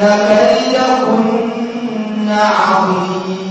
كيدكن عظيم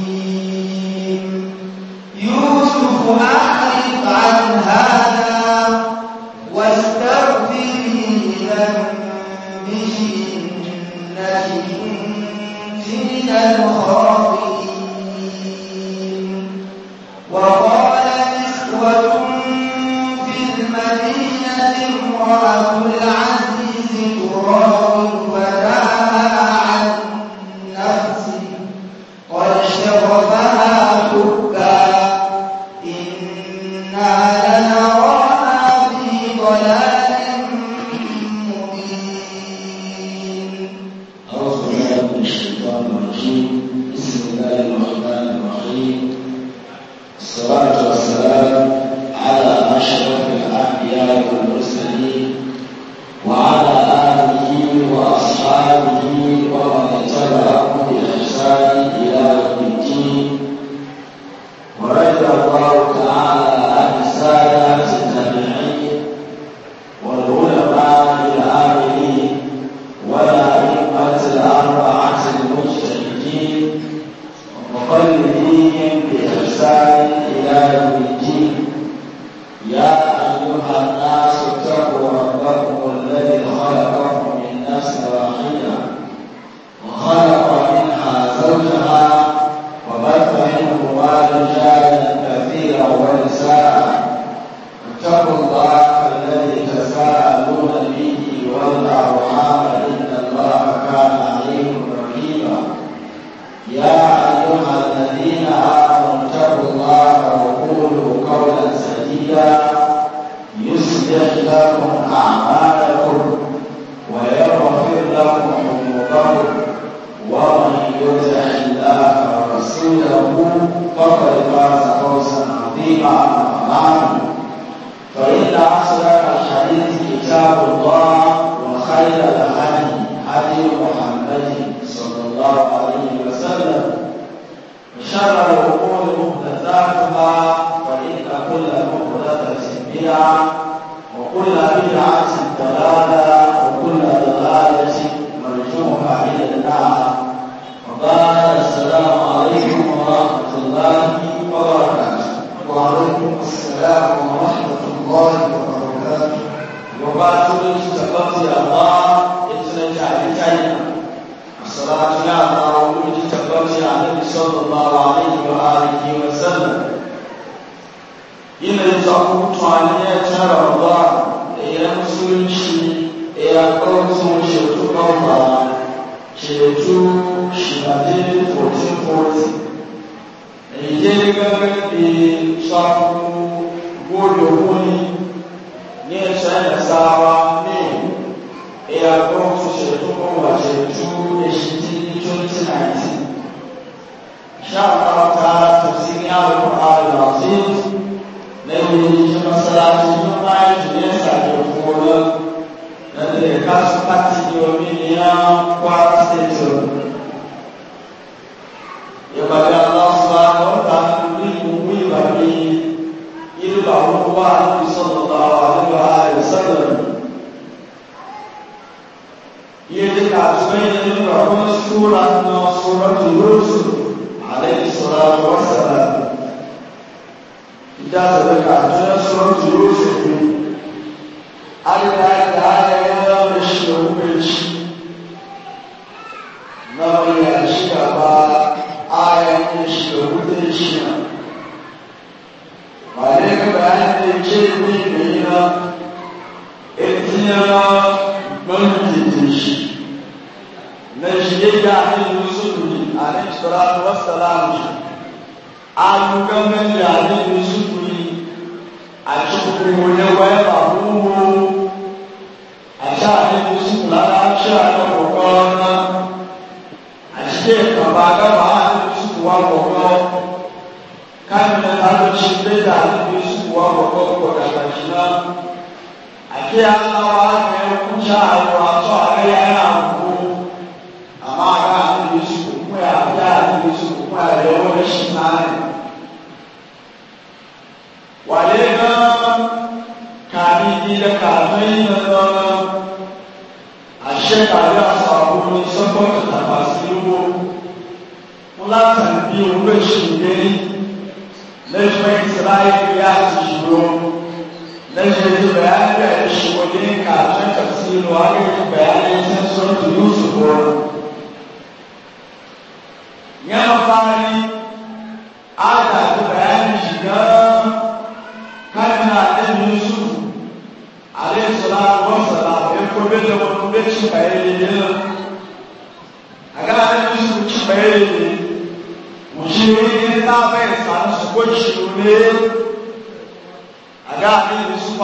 mutualiyet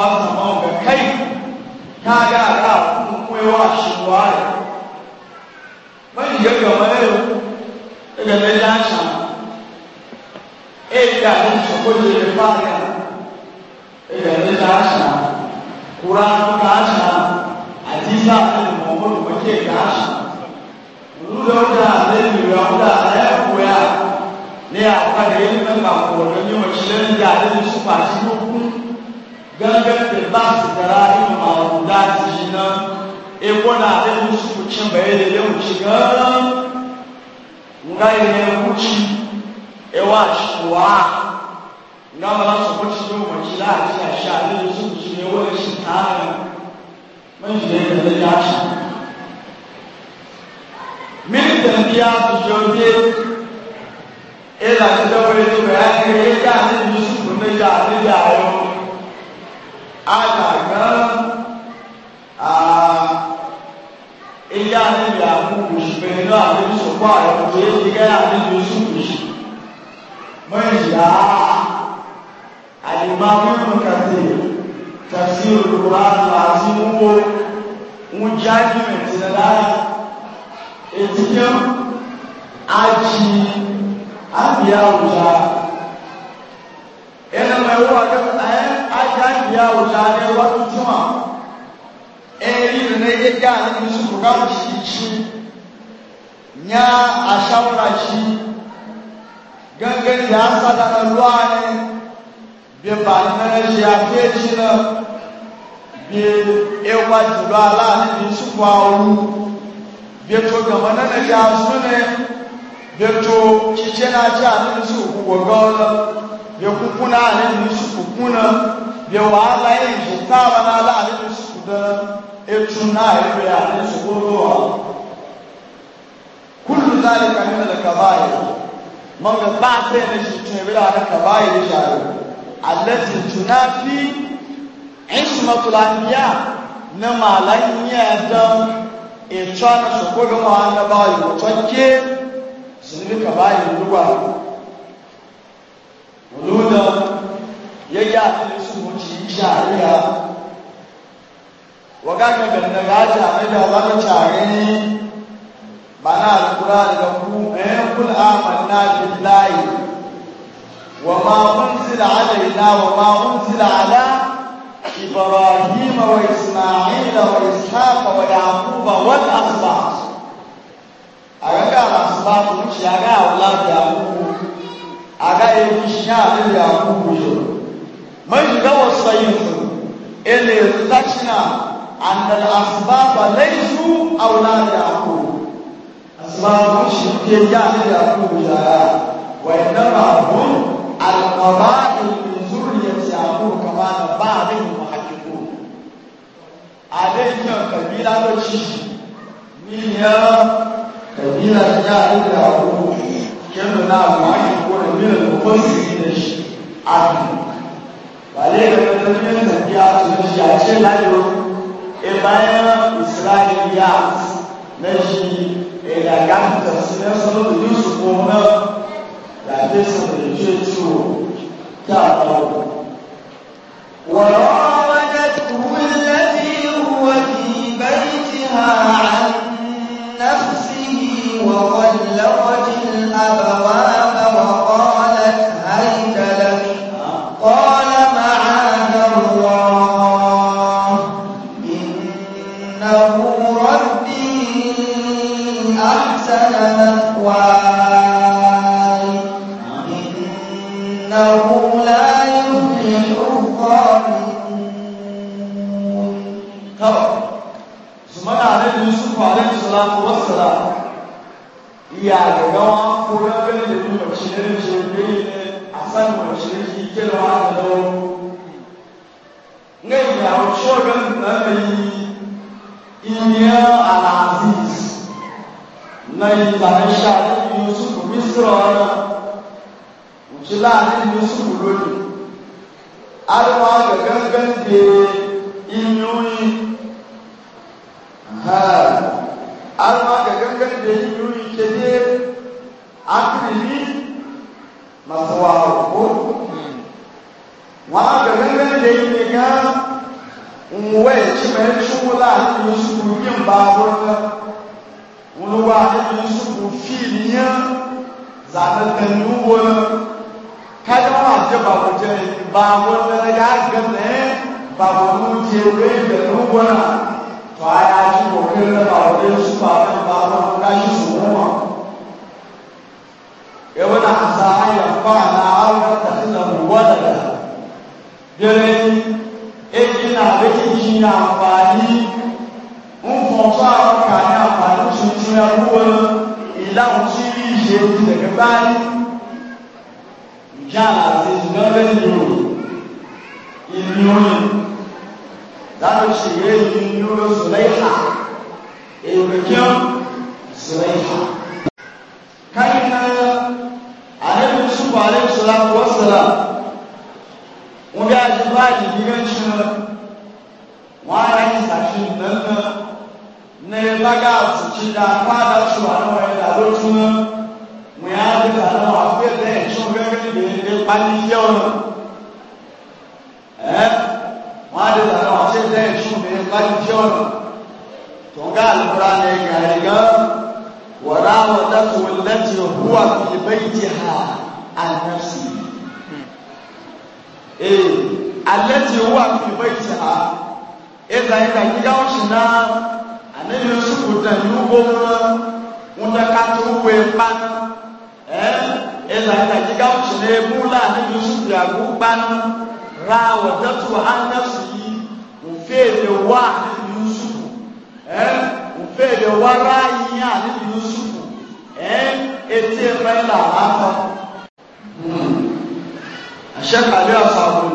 wasa ma ga kai ka ga ka kwewa shi ware wani ga ga wani daga mai lasha e ga ni shi ko je da fara e ga ni lasha kura ka lasha hadisa ne mu mu ko ke lasha lulu da ne ni ya da ya koya ne a fara yin nan ba ko ne mu shi da ne su ba shi ko gangan da ba su da ra'ayin nan e kona da musu kucin bai da yau shiga nga yi ne kuci e wa shuwa nga ma su kuci don kuci la a cikin sha ne su kuci ne wani shi tare mun shi ne da ya shi min da biya su jobe e da su da wani ne ya ne ya ne su kuci ne ya ne ya adagan ilé àníbi àkókò ṣùgbọ́n inú àníbi sọ̀pọ̀ àyọ̀kọ̀ yé ti gẹ́ àníbi oṣù oṣù mọ́ìyá àyèmá mímu kàtẹ́ tàbí o àti wúwo ń já jìnnà tí nà láyé ètìkẹ́ àjì àbíyá òjà ẹnlẹ́mọ̀ ẹ̀wọ́ àgbẹ̀ ayẹ́. àjáde ya ọ̀dà ní iwájú jùmọ̀ ẹ̀rí nínú ẹgbẹ́ gbà nínú ṣùgbọ́n káwọn ṣì ṣí nyá àṣàwòrán ṣí gẹ́gẹ́ ní àṣàdá ní lọ́wọ́ ni bí bàtẹ́rẹ́ ṣe àfẹ́jì náà bí ẹwà jùlọ aláàánú ní ṣùgbọ́n àwọn bí tó bia wàhálà yẹn ìbò káàbà náà lá nínú sùdán etu náà ẹgbẹ àti sùkúrú wa kúlù láti kàmí nílẹ̀ kàbáyé mọ̀gà bá a bẹ́ẹ̀ ní sùtún ìwé láti kàbáyé ní sàrò alẹ́ ti tù náà fi ìsùmọ̀tòlá yayya da su muci shari'a waga ka da na gaja mai da wani tare mana alqur'ani da ku ayyul eh, kul amanna billahi wa ma unzila alaina wa ma unzila ala ibrahim wa isma'ila wa ishaq wa yaqub wal asbaq aga al asbaq muci aga aulad yaqub aga yi shi ya yaqub من روى الصيف اللي ارتجنا أن الأسباب ليسوا أولاد يعقوب أسباب الشركية يعني يعقوب جاء وإنما هم القبائل من ذرية يعقوب كما بعضهم محققون عليهم قبيلة الشيش من يا قبيلة يعقوب يعقوب كما نعلم محققون من المفسرين الشيش عنه wale da matsalolin da biya su da shi a ce na yau e bayan isra'iliya na shi e da gafita su ne sanu da yusuf na da ke su da ke ciwo ta ɗauko وراودته التي هو في بيتها عن نفسه وغلقت الأبواب ya daga wa ko ya gani da kuma shirin shirin a san wa shirin shi ke da wa da dawo ne ya wuce gan na mai iniya al-aziz na yi tsanin shaɗin yusuf misra wani wuce la'adin yusuf lori arwa ga gangan da inuyi ha alma ga gangan da yi yuri ke ne akirili masu wawo ko wa ga gangan da yi ne ga nwe ci mai shugula a cikin shugulu yin babur na wuluwa a cikin shugulu filiyan zanen da nuwa kada ma je babur je babur na ya gane babur mu je wai da nuwa 把呀，去我跟那老跟书法跟把那干些什么嘛？要不然啥呀，把那俺们真的我的了，别人一进来没进去呀，把你，我放出来我看呀，把你出去呀，我一让我去一些这个班，你看啊，这是哪个牛？一牛。za mu ce ya yi nuna zulaiha ebekin zulaiha kai na annabi yusuf alaihi salatu wassalam wọn bí a ti bá ìdíyẹn ṣe wọn ara yìí sàkí nínú ní bága àtúnṣe dá fáadà tó wà náà wọn dà ló tún mọ wọn yà á bí kàdá wà fún ẹgbẹ ìṣúná gẹgẹ bí ẹgbẹ pálí yẹ ọ náà. láì jẹ́ ọ̀nà tó ń gá àlùkùrá ní gàrí gan wọ̀rá àwọn dátò lẹ́tì òhúwà fi bẹ́yì ti hà àlẹ́sì ee alẹ́tì òhúwà fi bẹ́yì ti hà ẹ̀ka ẹ̀ka gíga ọ̀sìn náà àníyàn sùkùn tẹ̀ ní gbogbo wọn wọn tẹ ká tó wé pa ẹ̀ ila ina jiga mutu ne mula ne yusuf ya guban ra wa datu an nafsi mfede wa anabi yusufu eh mfede wa rai ya anabi yusufu eh etie faila hapa hmm. ashaka leo sababu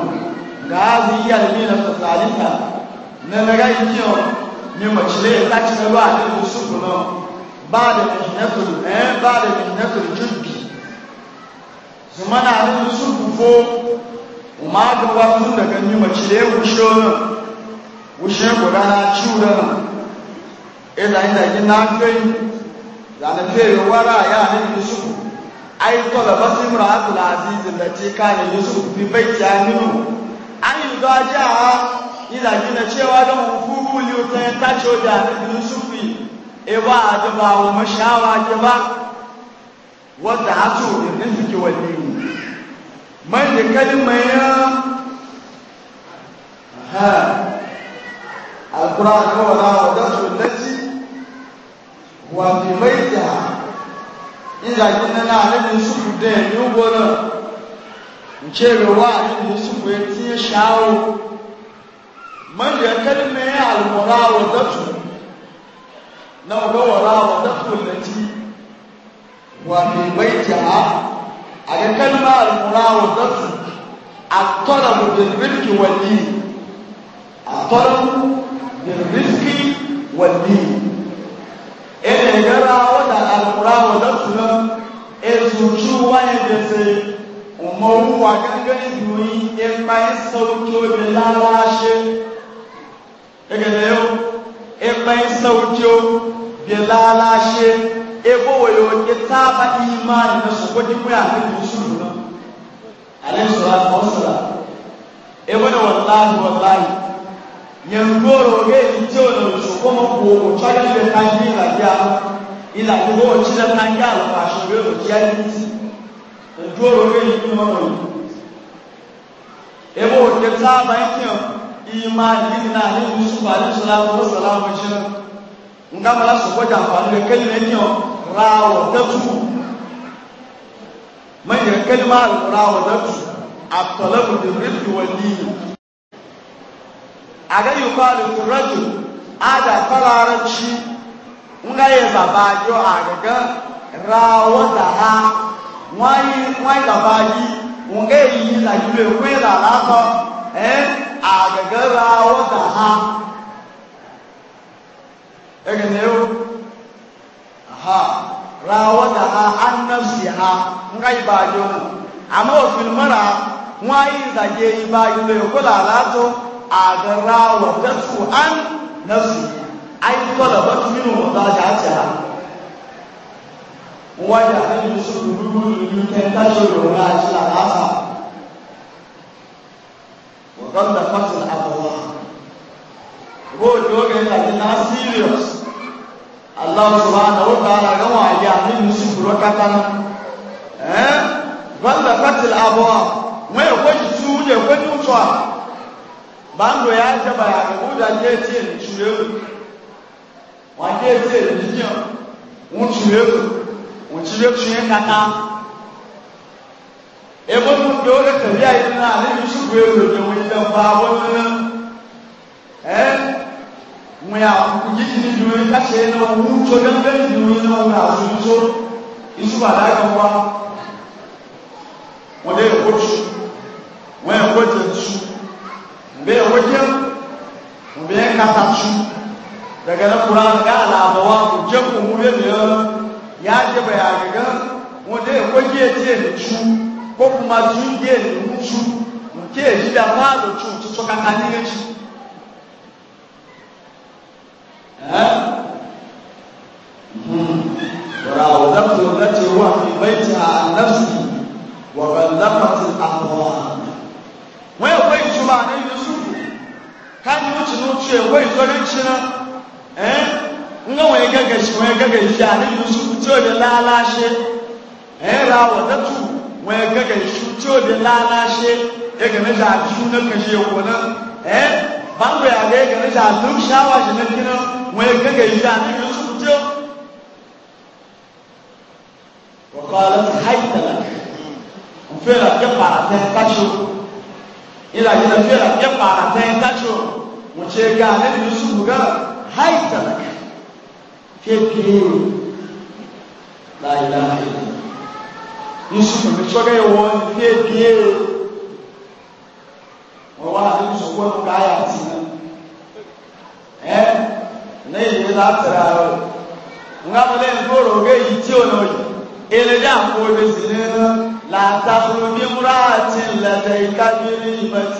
ngazi ya limina tazalika na nagai kio ni machile lati na wa anabi yusufu no baada ya nakulu eh baada ya nakulu jumbi zumana anabi yusufu fo umaga wa mun daga ni machile wushona wushe guda na ciwo ila ina ji na kai zane fe wara ya ne yusuf ai tola basim rahatul aziz da ce kana yusuf bi baiti aminu ai da ja ila ji na cewa da hukuku liyo ta ta ciwo da yusuf e ba da ba wa mashawa ke ba wanda hatu ne fiki wallini man da kalmar ya ha القرآن هو راودته التي هو في بيتها إذا كنا نعلم يوسف الدين يقول نشير واحد يوسف يتي شاو من يكلمة المراودته لو هو راودته التي هو في بيتها على كلمة المراودته الطلب بالملك والدين الطلب bilbiski wadi ene gara wada alkura wada suna ezucu wani da se umaru wa gangan duni in bayan sauki da lalashe daga da yau in bayan sauki da lalashe ebo wayo ke taba imani na su kwaji kuya a kan su nuna alaihi salatu wasu ebo da wallahi wallahi nyɛnugoro ge ŋutio le wosokɔmɔ ko wotsɔ ɖe le kanyi labia ila gbogbo wotsi ɖe kanyi alɔfasu ge wotsia ɖe ŋuti ŋutio ge ŋuti mɔmɔ yi ebe wòtɛ tsa ba ŋuti o ima didi na ne nusu ba ne sɔla o sɔla o tsi nga bala sɔgbɔ dza fa ne kele ne ŋuti o ra wɔ tɛtu me nye kele ma ra wɔ tɛtu atɔlɛ wòle wòle wòle yi. aga yukhalifu rajul ada fararanci nga ya zaba yo agaga rawata ha wani wani zaba yi nga yi la yule kwe la la ko eh agaga ha ege ne o ha an nafsi ha nga yi ba yo amma ofin mara wani zage yi ba yule kwe la la to agara wa tasu an nafsu ai talabat minhu wadajata wada an yusuf rubul kan tashuru ra ila asa wa qalla fatul abwa rojo ga da na serious Allah subhanahu wa ta'ala ga wa ya min yusuf rakatan eh qalla fatul abwa mai kwaji su ne kwaji mutuwa bando ya jaba eh? ya kubuda jeje nchuyewu wajeje njiyo nchuyewu nchuyewu chuye kata ebo mbe ole tabia ina ali yusufu yewu ndio mwenda babo na eh mwya kujiji ni ndio kache na ucho gambe ndio na unazuzo isu badala kwa mwende kotu mwende kotu mbe wajen mbe kasashu daga na kuran ga alabawa ku je ku mu ne ya je ba ya ga mu de waje je ni chu ko kuma chu je ni mu chu mu ke ji da ma do chu chu so ka ka ni ne chu eh وراودته التي هو في بيتها عن نفسه وغلقت الابواب وين وين جمعه kanyi wuce nuce wai zorin cina eh nga wani gagashi wani gagashi a nan yusuf ciwo da lalashe eh rawa da tu wani gagashi ciwo da lalashe ya gane da su na kashe wani eh bango ya ga gane da duk shawa shi na gina wani gagashi a nan yusuf ciwo وقالت حيث لك وفعلا يقع في القشر ila gina fira ya fara ta ya tacho mu ce ga nan yusuf ga haita lak ke ke la ilaha illa yusuf mu ce ga yawo ke ke wa wa da yusuf ko ga ya tsina eh ne yi da tsara nga malen o ga yi ciwo no ele da ko da zinin لا تخرج امرأة لديك بريمة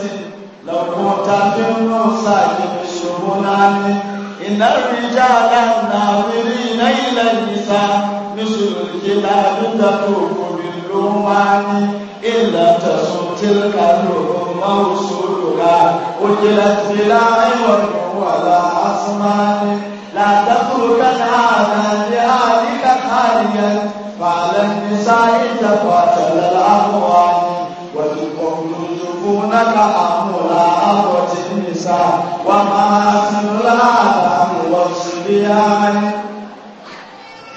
لو كنت من صاحب الشمنان إن الرجال الناظرين إلى النساء مثل الكلاب تطوف باللومان إلا تصم تلك الروم وصولها أجلت بلا عوض ولا أصمان لا تتركن هذا لأهلك خاليا فعلى النساء تقاتل الأموال وتقوم تجبونك أمولا أموت النساء وما أسر الأعلام والصبيان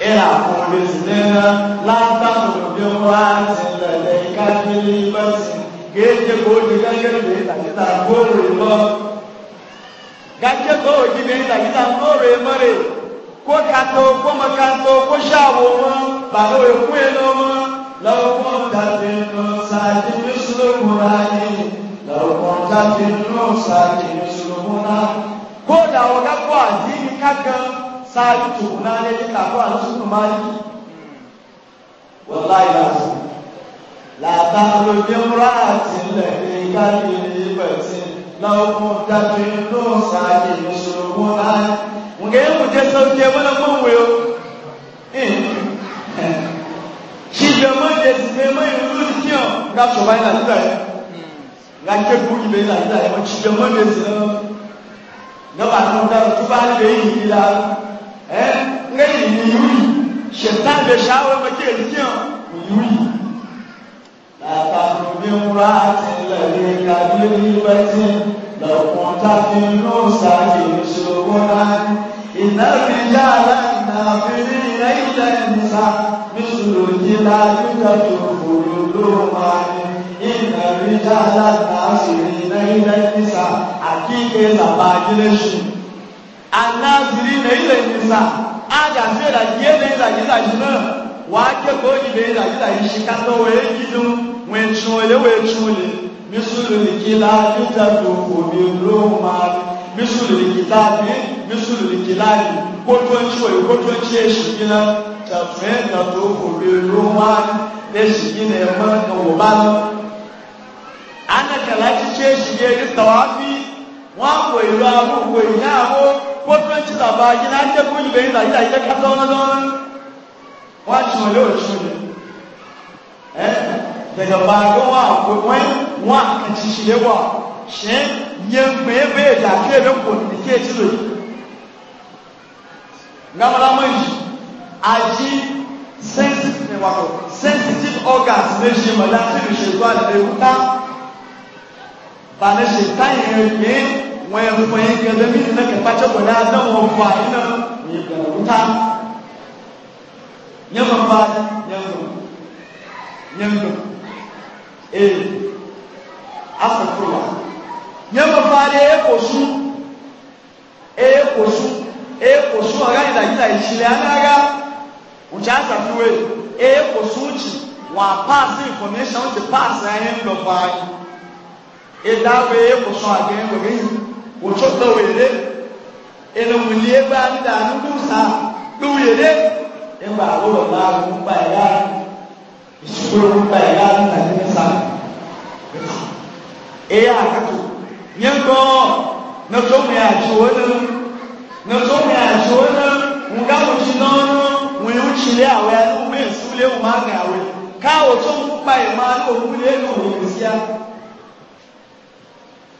إلى كل سنين لا تقل بمرأة لديك في لبس kéèké kó di gánjẹ́ lè tàkítà kóòrè mọ́ gánjẹ́ kó di lè tàkítà kóòrè mọ́ rè ko kato ko makato ko ṣàwò wọn bàbá òkú ẹnu wọn lọ́wọ́ kàfé nù sáàjì ní sùlùmùrà yìí lọ́wọ́ kàfé nù sáàjì ní sùlùmùrà. kódà ọ̀gá kó àdínní kankan sáàjì tòun náà lẹ́yìn kàkó àlùsùnù máa yí. wọ́n láyé láti làbá lóde múra àti ilẹ̀ ní káàkiri ìbẹ̀tì laukun dafin dosa ke musulmu na nga yi mu je sauke mana mun wuyo shi jama je su ne mai wuri kiyo ga su bai na zuwa ya ga ke bugi bai na zuwa ya ma shi jama je su na ba tun da su ba ni bai yi gida eh nga yi ni yuri shetan da shawo ma ke kiyo yuri لتخر بامرأة الذي كبيبة لو كنت في نوسك شغلا إن الرجال النافذين إلى النساء مثل جلادك تخلدهما إن الرجال الناصرين إلى النساء حقيقة سباجلش الناصرين إلى النساء أجل سيرا جيدا إلى جيدا wakekwa oyibe dagida ishikata wee gidu wee chule wee chule misulilikila bitadukubiluma misulilikitabi misulilikilani kotwenchiwe kotwenchi eshikila tatuendadukubiluma neshikila emanowobalo anakalachi cheshiyelistawapi wakwelwa kukweyabo kotwenchi zabaji natekwa oyibe dagida ishikata onazona wọ́n ti wọlé òtún ni ẹ daga baago wọn àpò wọn wọn àkàtìṣe wọ ṣe yẹn gbẹ́ẹ́ bẹ́ẹ̀ dàkẹ́ bẹ́ẹ̀ kò ní kí ẹ ti lò yìí ngamalamaji aji sensitive wato sensitive organs ne ṣe mọ̀lá tí o ṣe tó àti ewúta bàánà ṣe táyà ẹgbẹ́ wọn ẹ̀fọn yẹn gẹ̀ẹ́dẹ́mí nínú kẹfà tí o kò dáa náà wọn fọ àyínà ní wúta nyama mbali nyama nyama eh asafurwa nyama mbali ekosu eh, ekosu eh, ekosu eh, agani la gila ishile anaga uchaza tuwe ekosu uchi wa pass information the pass na him lo bai edawe ekosu again we gini uchoto wele ene mulie ba ni da nudu sa nígbà àbúrò náà ló ń pa ìyá ìṣúgbó ló ń pa ìyá nígbà tí ń sá. Èyí àkàtò yẹn gbọ́ ní sómi àjòwò náà ní sómi àjòwò náà ń gáwó ti náà náà wọ́n yóò ti lé àwẹ̀ ẹlòmí ìsúlé wọn máa gà àwẹ̀ káwò tó ń pa ìmọ̀ àlòkù lé nù òun sí ha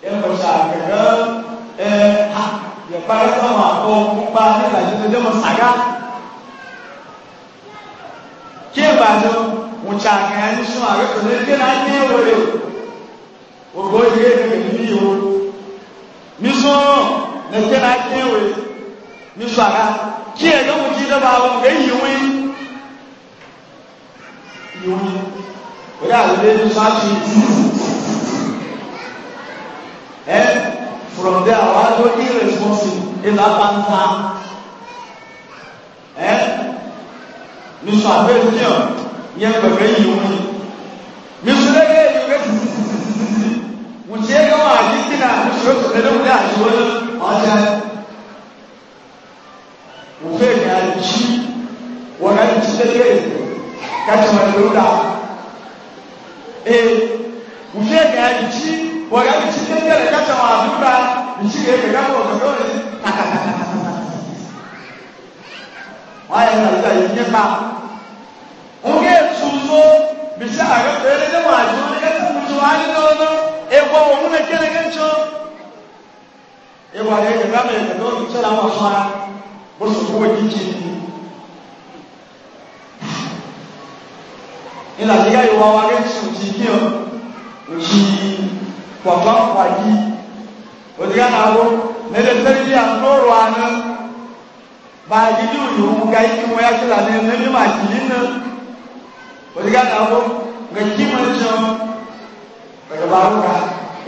yẹ̀ parí sọ́mọ̀ àpọ̀ pípa nígbà tí ó dé ke ba zo wuce kan yi sun a rika ne ke na O wore ogo ye ne ni yo mi so ne ke na ne wore mi so ara ki e ga mu ji da ba wo ga yi wi yi wi o ya le ni sa ti eh from there wa go irresponsible in that time eh nusu abe fiyan yɛ bɛbɛ yi wo nusu lɛ yɛ yi wɛ sisisisisi wòtí ɛgbɛ na nusu yɛ sɔrɔ ɛdɛmu yɛ adi wɔn ɔjɛ wòfɛ yɛ adi wɔn adi ti lɛ yɛ kati wɔn ɛdɛmu da ee wòfɛ yɛ adi wɔn adi wọ́n yẹ kàlùkà yìí ní pa. wọ́n yẹ tuzo bisi àgbà pẹ̀lú ẹni wọ́n àjọ ní kẹ́kẹ́ tuntun wọ́n á ní lọ́nà ẹ̀kọ́ wọn múnà kẹ́lẹ́ kẹ́kẹ́ ẹwà rẹ̀ ẹ̀kẹ́ bẹ̀rẹ̀ kẹ́kẹ́ wọn tẹ́lẹ̀ àwọn afárá bó sọ fún wọn kíkì ní. ìlànà ìyá ìwà wa rẹ̀ tù ti kí ọ òjì pàpà baaji ni ulu ga iki mo ya sila ne ne mi ma ji na o diga ta bo ga ji ma jo ga ga ba ru ga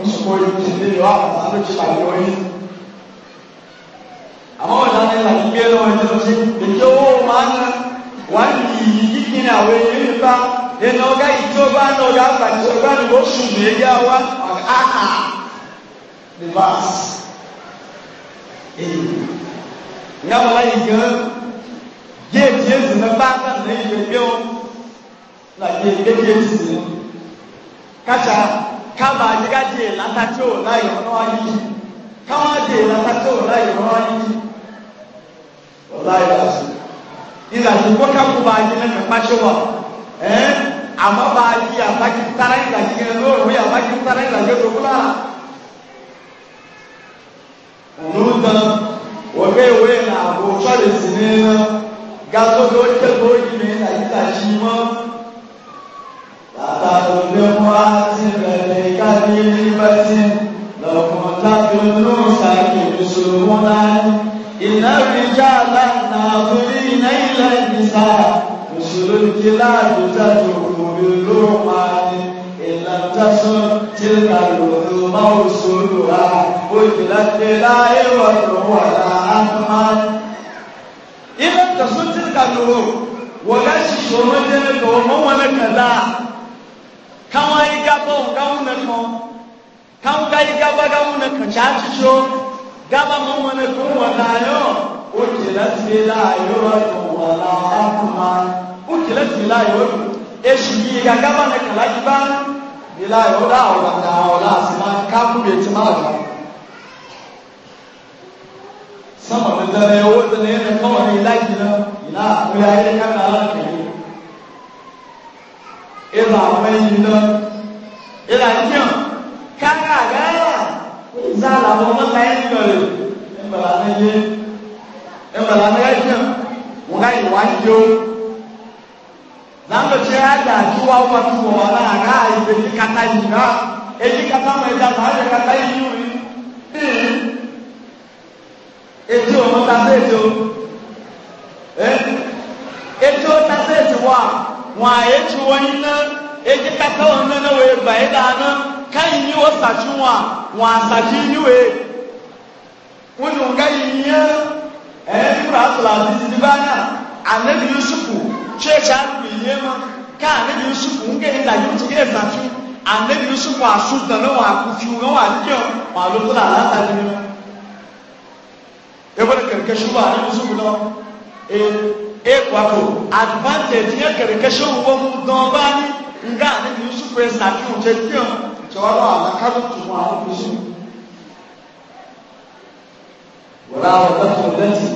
o su ko yi ti ni yo a ma no ti ba yo yi ama o da ne la ki be lo ni lo si de jo o ma na wa ni yi ki na we ni ni ba de no ga i jo ba no ga ba jo ba ni o su ni ya wa a a the verse Amen nga bala yi gan yé dié zi ba ka ne yi gbé o la yé gbé dié zi ne kàtsa kaba yi ka dié lata tí o la yi wọn ayi káwọn dié lata tí o yi wọn ayi o la yi la su ìlà yìí kó kápò bá yi lẹ́nu kpatsi wa ẹ àmọ́ bá yi àbájú tara ìlà yìí yẹn lóru yìí àbájú tara ìlà yìí lóru la òun ló dán wọ́n ìwé ààbò fọ́lẹ̀sì ní iná gásókè ó kẹ́kọ̀ọ́ yìí ní àyíká sí mọ́ tàtà òde mọ́ á ti bẹ̀rẹ̀ káàdì nígbà tí lọ́kùn láti inú sàkè ìṣòro wọn láàyè iná ìjà aláìná àbúrí iná ilẹ̀ ìgbìsà ìṣòro ìkílá àdúgbò òkùnrin ló máa تسر تلك الوحوم وسولها وجلت بلاء والروح ولا أثمن إذا تسر تلك الوحوم وغاشي شومتين دوما ونكذا كما يقابون قونكم كم كيقابا قونك شاششو قابا مونكم ولا يوم وجلت بلاء والروح ولا أثمن وجلت بلاء والروح إيش يقابا نكلا يبان ila yau da aula da aula su ma kafin bai ci mara ba sama da dare ya wuce ne yana kama ne ila gina ila akuya ya kan da ala ke yi ila mai yi na ila kiyan kaka gaya za a labar masa yin gari in bala na yi in bala na yi kiyan ada akiwa watu wa wala aga ibe kata ina eji kata ma ida ma ada kata yuri eti o mo ta se to eh eti o ta se ti wa wa eti wo ina eji kata o na na we ba ida na kan yi wo sa ju wa wa sa ji ni we wonu ga yi ya eh ti pra sala ti ti bana anabi yusufu church a bi yema ká àlejò yusufu ń gé ńlá yóò ti gé ẹ̀fà fi àlejò yusufu àsùntàn náà wà kú fi wọn wà níjọ wà ló tó làlá tàbí nínú. ebole kẹrìkẹ ṣubú àlejò yusufu náà ee ee kwakọ advantage yẹ kẹrìkẹ ṣubú wọn mú dán bá ní nga àlejò yusufu ẹ̀ sàfihàn jẹ bí ọ̀ jọ̀wọ́ náà àlàkàdùn tó wọn àwọn kò sí. wọ́n á wọ́n bá tó lẹ́sìn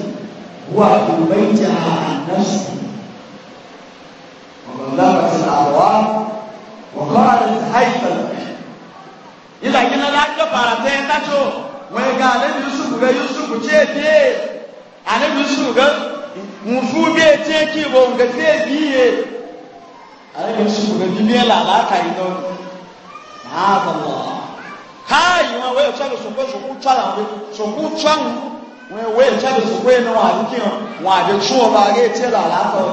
wọ́n á kò bẹ́ẹ̀ jà á sùn. ولمت الأبواب وقالت حيث إذا كنا لا نجبر تيتاتو ويقال يوسف يوسف تيتي أنا يوسف musu bɛ tiɲɛ k'i bɔ nka se b'i ye ale bɛ su bɛ bi miɛ la a b'a ka yi dɔn maazala haa yi ma wo ye tɔ bɛ sɔn ko sɔn k'u tɔ la o sɔn k'u tɔ nu wo ye tɔ bɛ sɔn ko ye nɔ a bɛ tiɲɛ wa a bɛ tiɲɛ o ba a bɛ tiɲɛ la a b'a fɔ.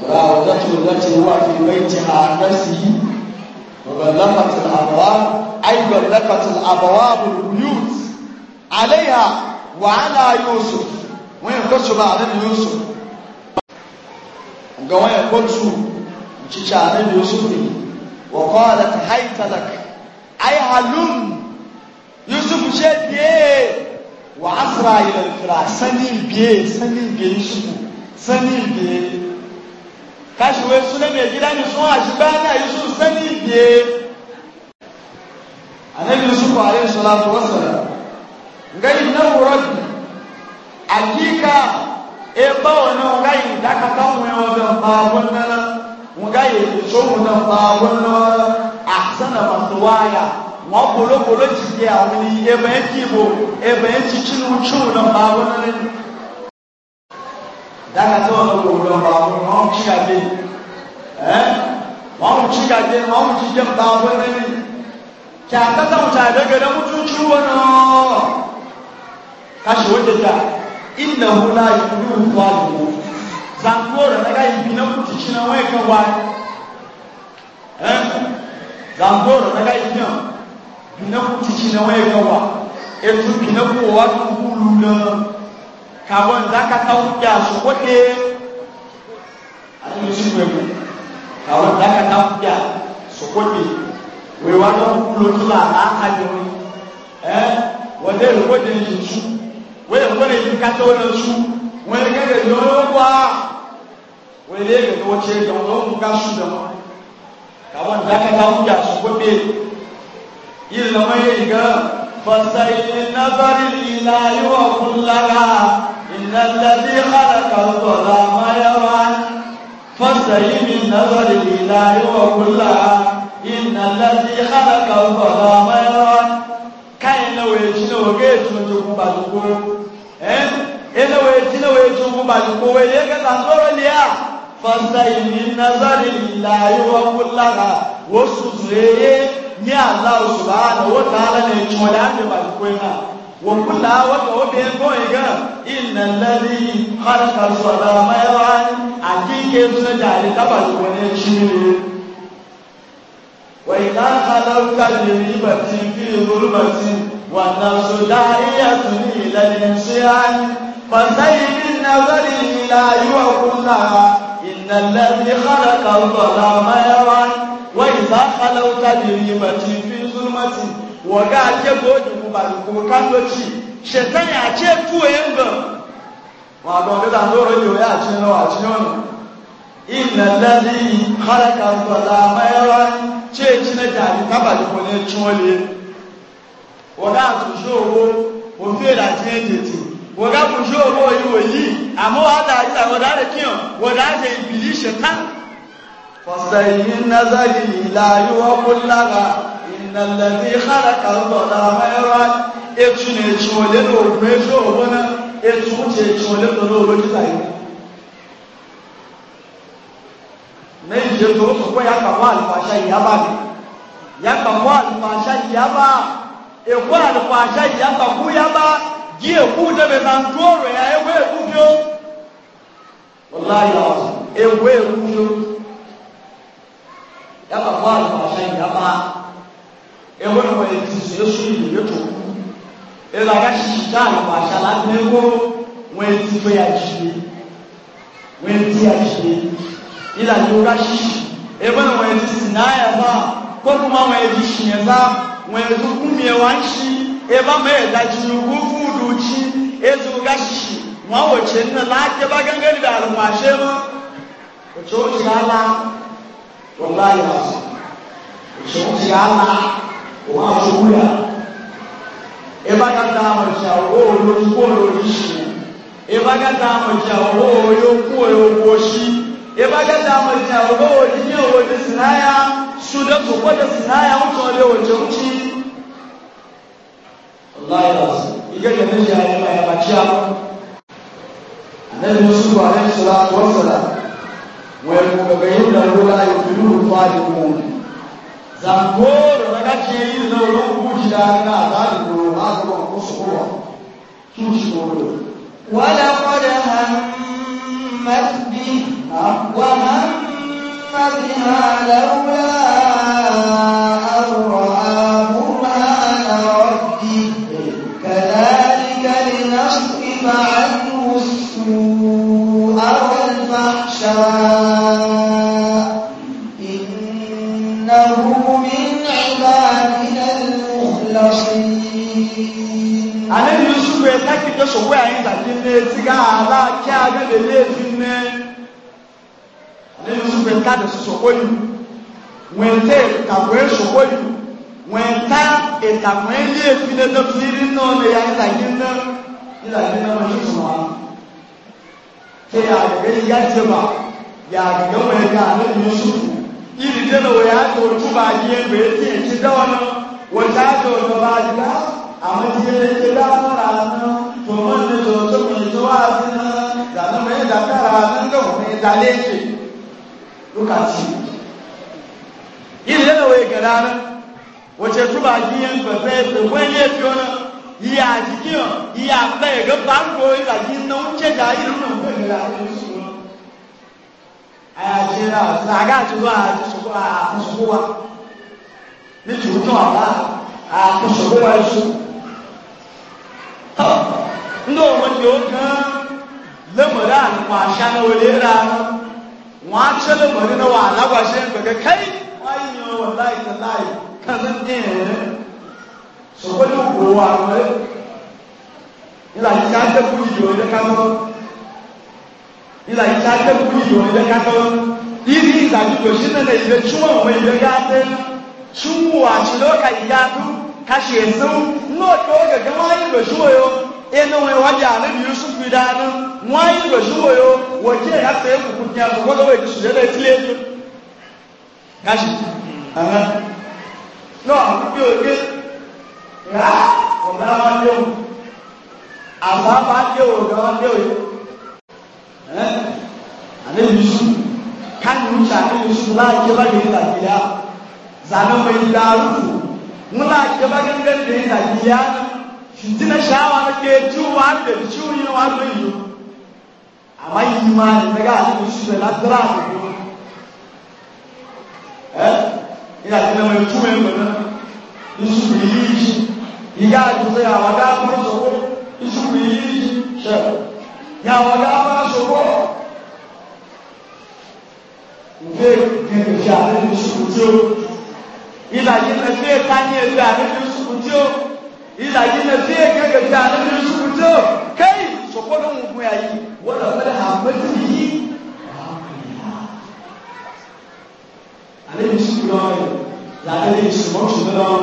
وراودته التي هو في بيتها عن نفسه وغلقت الابواب اي غلقت الابواب البيوت عليها وعلى يوسف وين كنت بعد يوسف وين كنت مشيت على يوسف وقالت هيت لك اي هلم يوسف شيء wa asra ila al-fira sanin biye sanin biye shi sanin biye kashi wai suna mai gida ne sun hashi bayan a yi sun sanin biye annabi yusuf alaihi salatu wassalam ngai na rabbi alika e ba wannan ngai da ka kan mu yau da ba wannan ngai so mu da ba wannan ahsana wọn gbológboló ti di àwọn ní ẹbẹ ẹkí ìbò ẹbẹ ẹtì tìlú tù lọba wọn ní. dáka tó wọn wò lọba wọn wọn kí adé ẹ wọn kí adé wọn kí jẹ mba wọn ní. kí akásá wọn tàdé gẹdẹ wọn tún tù wọn nọ. káṣí wọn dẹta ìnà wọn náà ìlú wọn lò zango rẹ náà yìí bí náà kùtì tì náà wọn ẹkẹ wáyé. zango rẹ náà yìí náà na kucici na waye kawa etu bi na kowa tu hulu na kabon za ka tauki a su kwaɗe an yi su kwaɗe kabon za ka tauki a su kwaɗe wai wani hulu tula a hajji eh wanda ya kwaɗe yi su wai ya kwaɗe yi ka taunar su wani gada yi wani kwa wai ne ga wace ga wani kwa su da ma kabon za ka tauki a su kwaɗe ìlọ́mọ yìí gan fọ̀sẹ̀ ìnáfẹ́rì ìlà yóò fún lára ìnàlẹ́bí àlàkà ọ̀tọ̀lá máyáwá fọ̀sẹ̀ yìí ìnáfẹ́rì ìlà yóò fún lára ìnàlẹ́bí àlàkà ọ̀tọ̀lá máyáwá káyìn náà wòye jí náà wòye tún tó kú bàtúkú ẹ́ ẹ́ náà wòye jí náà wòye tún kú bàtúkú wòye yẹ kẹta sọ̀rọ̀ lẹ́yà. فاستعن ní aláwọ̀ ṣùgbọ́n àwọ̀ tààlà ní ìtúmọ̀lá ní ìbàdìkú iná wọ́n kú láwọ́ tó ó bẹ́ẹ̀ bọ́ ìgá ìnà lẹ́rí hàrùkà sọ̀rọ̀ mẹ́wàá àkíkẹ́ sọ́jà àdìtábàdìkú ní ìtúmọ̀lá وإذا خلوت لريبة في ظلمة والنفس داعية إلى الانصيان فسير النظر إلى يوم الله إن الذي خلق الظلام يرى wa idha khalawta bi ni'mati fi zulmati wa ga ke goji ku ba ku kan doci shetan ya ce tu yenga wa ba ga dan doro yo ya ce no a ce no inna alladhi khalaqa al-zalama yara ce ci na jari ka ba ko ne chole wa ga tu showo o fe da ce tete wa ga ku showo yi wo yi amma wa ibili shetan فاستيقن ذلي لا يوكل لها إن الذي خلق الظلام يرى ètùnú ètù òlé ní òògùn efi òwò náà ètù òtù ètù òlé ní òwò kíkà yìí. méjì ètò òsòkò yàtàkọ́ àlùfàṣà ìyábà ni yàtàkọ́ àlùfàṣà ìyábà èkó àlùfàṣà ìyàtàkọ́ yàbà yí èkú débè náà ń dúró rẹ̀ ẹ̀wé èkú fi ó. wọ́n láyà ẹ̀wé èkú fi ó yaba bɔ alifasɛn yaba ewu ni wɔn eti so esu yi yɛ to ku elu aka sisi ta alifasɛn la ne ko wɔn eti fɛ ya tsi wɔn eti ya tsi ila ni wɔn asisi ewu ni wɔn eti si na yɛ ba kɔpu ma wɔn eti si yɛ ba wɔn eti kumie wɔn asi eba ma yɛ da tsi ko fuudu tsi etu ka sisi wɔn awɔ tsi ne la ake ba gangan ni ba alifasɛn ma o tso ala wallahi lasu sun ci ala wa su wuya e ba ka ta ma ci awo lo ko lo shi e ba ka ta ma ci awo yo ko yo ko shi e ba ka ta ma ci awo ni yo wo de sinaya su da su ko da sinaya mu to le wo je ci wallahi lasu ige ne ne ya ma ya ba ci awo annabi musu alaihi salatu wassalam ويقول له لا يفلون الظالمون zangoro nakachiri lolokujirana zalilo azwa kusuwa tushoro ولقد همت به وهم بها لولا أن رأى برهان كذلك عنه السوء والفحشاء anabi yusuf yɛ taki to so wɛ anyi dade ne ti ka ala kɛ aga de le fi ne anabi yusuf yɛ ta de sɔkɔ yi wɛnte kakɔɛ sɔkɔ yi wɛnta etakɔɛ le fi ne ne firi nɔ ne yɛ anyi dade ne yi dade ne ma yi sɔn a ke yɛ agɛ ya tse ba yɛ agɛ wɛ yɛ anabi yusuf yiri de na wɛ yɛ atɔ tuba yɛ bɛ tiɛ ti dɔwɔ na wɛ ta dɔwɔ na ba yi la amma je ke da mara nan to man ne to to mi to wa zina da nan mai da kara nan ga mai da leke lokaci ile da waye gara nan wace tuba giyan ba sai da wani fiyo nan iya jikin iya bai ga banko ila gin nan wuce da irin nan ko ga su aya ce da zaga ci zuwa su a kusurwa ni ci wuce wa ba a kusurwa ndo wani yau kan lamari a kwasha na wale rana wace lamari na wala kwashe daga kai wayi ne wallahi tallahi kazan ɗin so wani kowa wani ila yi ta ta kuri yau da ila yi ta ta kuri yau da kama iri zaji to shi na na ibe ciwon mai ya gata ciwo a ciloka iya duk kashe yanzu no to ga gama yin da shuwayo ina e wai waje a nabi yusuf bi da nan wani da shuwayo waje ya tsaye ku kun ya zuwa ga wai su da tile ku kashi aha no ku bi oge ya ko da ma yau amma ba yau ga ma yau eh anabi yusuf kan mu sha ne yusuf la ke ba ne ta kila zanan mai daru muna gaba gangan da yana biya shi na shawa na ke ciwa da ciwo yin wani yi amma yi ma ne daga asibi shi da lasira da kuma eh ina tuna mai ciwo yin mana isu bi yi shi iga ji sai a wada kuma soko isu e bi yi shi shi ya wada kuma soko Ve, gen, jare, discutio, ìlàjì na fi ẹ̀ka ní ẹgbẹ́ àdébí ṣùkú tí ó ìlàjì na fi ẹ̀ka ẹgbẹ́ àdébí ṣùkú tí ó kéyì sọ̀kọ́ ló ń gun ẹ̀ yìí wọ́n lọ fẹ́ àmọ́tì yìí. àdébí ṣùkú náà làdébí ṣùgbọ́n ṣùgbọ́n náà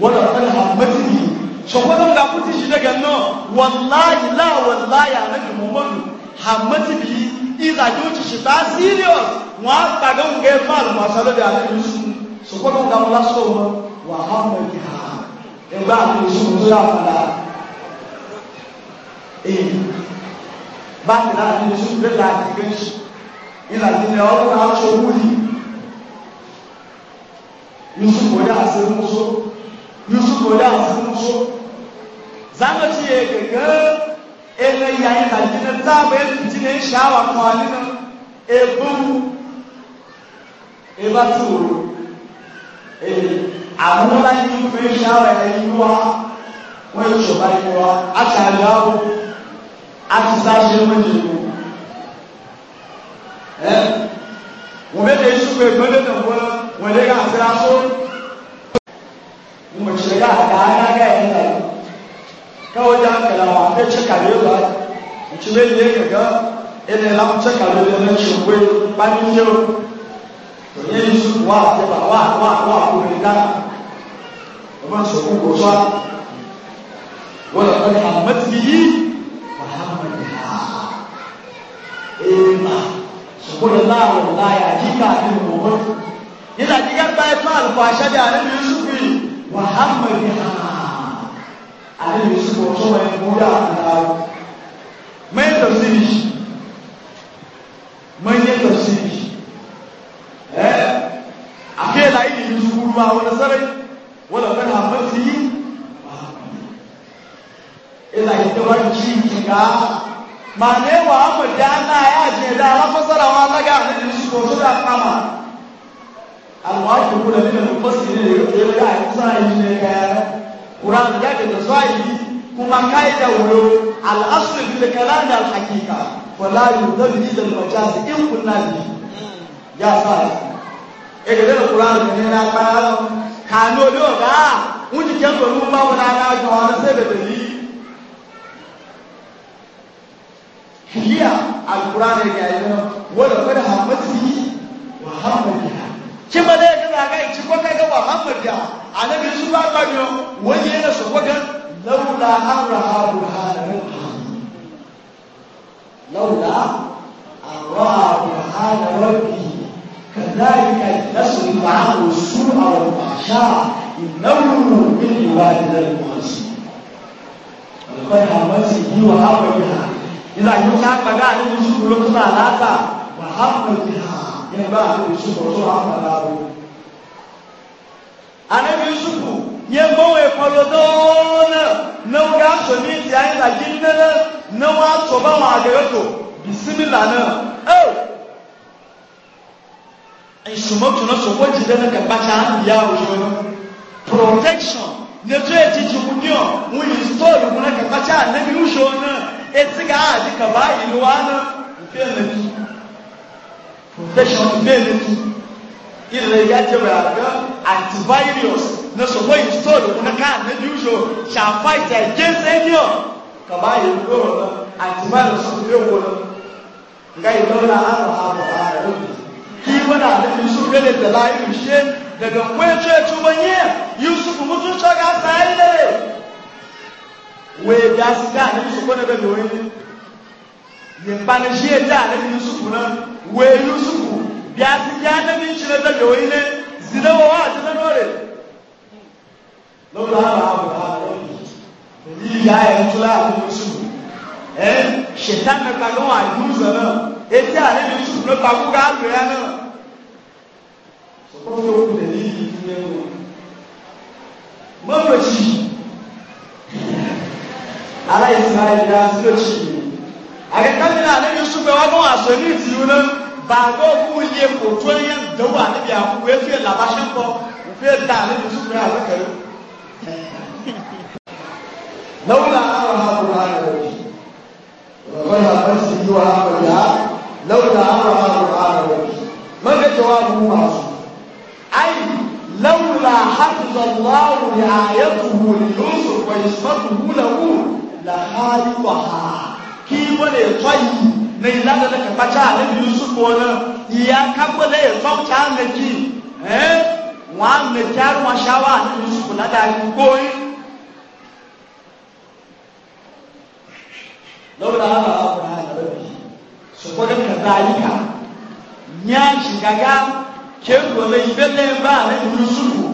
wọ́n lọ fẹ́ àmọ́tì yìí sọ̀kọ́ ló ń ga kúti ṣì dẹ́gẹ̀ náà wàláyì láà wàláyà àdébí mọ́mọ́dù àmọ́tì yìí ìlàjì ó ti ṣètà serious wọ́n á pàgẹ́ òun gẹ́gẹ́ fáàlù màṣálódì àdébí ṣùgbọ́n sokɔnɔ ŋdamɔla sɔrɔ ma wa hama bi ha ɛgba akpɛsɛ ŋdɔ la fana ee báyìí náà akpɛsɛ ŋdɔ la akpɛsɛ ìlà nílẹ̀ ọdún náà sọ wúlì yusuf wòlé àti ŋusu yusuf wòlé àti ŋusu zanati yɛ gɛgɛ ele ya ìlà nílẹ̀ táàbù ɛfìtì ní ìṣàwà kọ́ àlínà ebom ebatúwòrò àmúlá yìí pé ṣáà ẹni wá wọ́n yóò ṣọ̀bá yìí wá àti àgbà ó àti sáṣẹ́ wọ́n yìí wò. wọ́n bẹ́ẹ̀ lè ṣú pé gbọ́dọ̀ tó wọ́n wọ́n lè ká àṣírá só. mo ṣe ká àgbà anága ẹ̀ ńlá yìí káwọ́ já kẹlẹ́ wọn àti ṣe kàlẹ́ yóò wá ìṣúwé yìí kẹ̀kẹ́ ẹ̀ lè láwọn ṣe kàlẹ́ yóò lọ́ọ́ ṣe òwe bá ní yóò òye yusuf wà àtẹ́bà wà wà wà òbí dáná ọmọ sọ̀kú kò sọ́ wọ́n lọ pẹ́lú àmọ́tìbí yìí muhammed ha èèmà sọ̀kú lọ láàrọ̀ láyà kíkà ní mọ̀mọ́ nígbà tí ká bá ẹ̀fọ́ àlùkò yusuf yìí muhammed ha àrẹ́lú yusuf ọ̀tọ́ wọn ẹ̀kú dà àtàrà mẹ́tọ̀ sí yìí mẹ́tọ̀ eh ake da yi yi su ruwa wani sarai wani kan hafarci yi ila yi dabar ciki ga ma ne wa amma da ana ya ce da ala fasara wa na ga ne su ko su da kama alwa ku kula ne mu fasiri ne ya ga ya sa yi ne ga Qur'an ya ga da sai kuma kaida wulo al-asl bil kalam al-haqiqa wala yudabbi al-majaz in kunna bihi yà fàlà èdèdè kura nìyẹn náà kpara lọ kàánú olú ọ̀gá ń jìjẹ́ pẹ̀lú báwo náà náà jọ ọ́n ṣe bèbè yìí. hiya alquran ne ga yana wala kada hamati wa hamadiha ki ba dai ga ga ci ko kai ga wa hamadiha annabi su ba ba yo wani yana so ko ga laula araha burhanu laula araha burhanu rabbi كذلك نصرف عنه السوء والفحشاء إنه من عبادنا المخلصين ولقد حمسه سيدي بها إذا كنت حق بها أن يشوف لقصة علاقة وحق بها يبقى أن يشوف رسول حق بها أنا يوسف يبقى يقولون نو غاسو ميتي عين لجنة نو غاسو بما عجبته بسم الله نو أو nsomatu no so wogyina no kabata bia woyɛ no protection ne so akyikyi mu ne ɔ woyi store mu no kabata a nami wohyɛ no ɛti ka a de kaba ayi no waa no mfeɛ na bi protection mfeɛ na bi ilẹ̀ yà jẹ́ wẹ̀ àgbẹ̀ antivirus ne so woyi store mu no ka a nami wohyɛ hyɛ a fight against any ɔ kaba ayi no wɔ no antivirus no wɔ no nga yi lọ́la arọ̀ arọ̀ arọ̀ yi bana da yusuf gane da layin she daga kwace tubanye yusuf mutu shaga sai ne we da su da ne su kone da lori ne bana shi da ne yusuf na we yusuf ya su ya da min shi da lori ne zira wa wa ta nore lola ha ha ha yi ya yi tula yusuf eh shetan na kaga wa yusuf na etí àlẹ́ mi sùn ló takú ká lò yá náà. sọ̀kọ́ tó kù ní ìlú yẹn o. mọ́tò tì ara ìsirayẹ ya sí òtì yìí. àgẹ́kẹ́ mi náà àlẹ́ mi sùn pé wọ́n bọ́ àṣọ ní ìtìlú náà bàgọ́ kú yẹ kò tó yẹn dánwò àlẹ́bí àkókò ẹ̀ fẹ́ làbáṣẹ́ pọ̀ òfin ta àlẹ́bí sùn pé àwọn kẹrù. lọ́wọ́lá àwọn àbúrò àyẹ̀wò. وَلَا تَسْجُدُوا عَلَى launa amara qur'anahu maka jawabu masu ai laula hafiza Allah ri'ayatuhu li Yusuf wa ismatuhu lahu la halifaha ki wala tsayi na ilada da kafacha da Yusuf wala ya kabbala ya fauta na ki eh wa me tar wa shawa da Yusuf na da koyi laula hada abu hada sọ̀kọ́dọ̀ kàtà àyíká nyáàtì gàgá kéwù ọ̀lẹ́ ìfẹ́ lẹ́mbà rẹ̀ nínú sùkù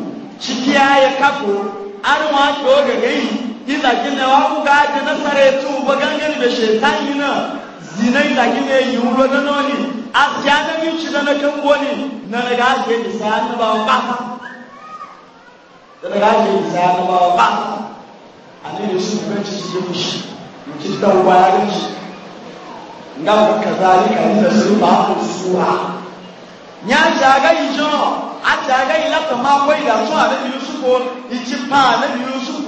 títí ayé kápò arúgbó àti ọ̀gẹ̀gẹ̀ yìí ìdàgínà wà kú ká jẹ násàrẹ̀ tó bọ́ gángẹ́ níbẹ̀ ṣe táyì náà zina ìdàgínà èyí wúlò dáná ni àti não ìtì dáná kẹ́ ń wọ́ ni nana gà á jẹ ìsà ànábà ọ̀bá nana gà á jẹ ìsà ànábà ọ̀bá àná yẹn sùn fẹ́ títí yẹn kù nga mu kazalika nda su ba ku suwa nya jaga ijo a jaga ila ta ma ko ida so a nabi yusuf ko ichi pa nabi yusuf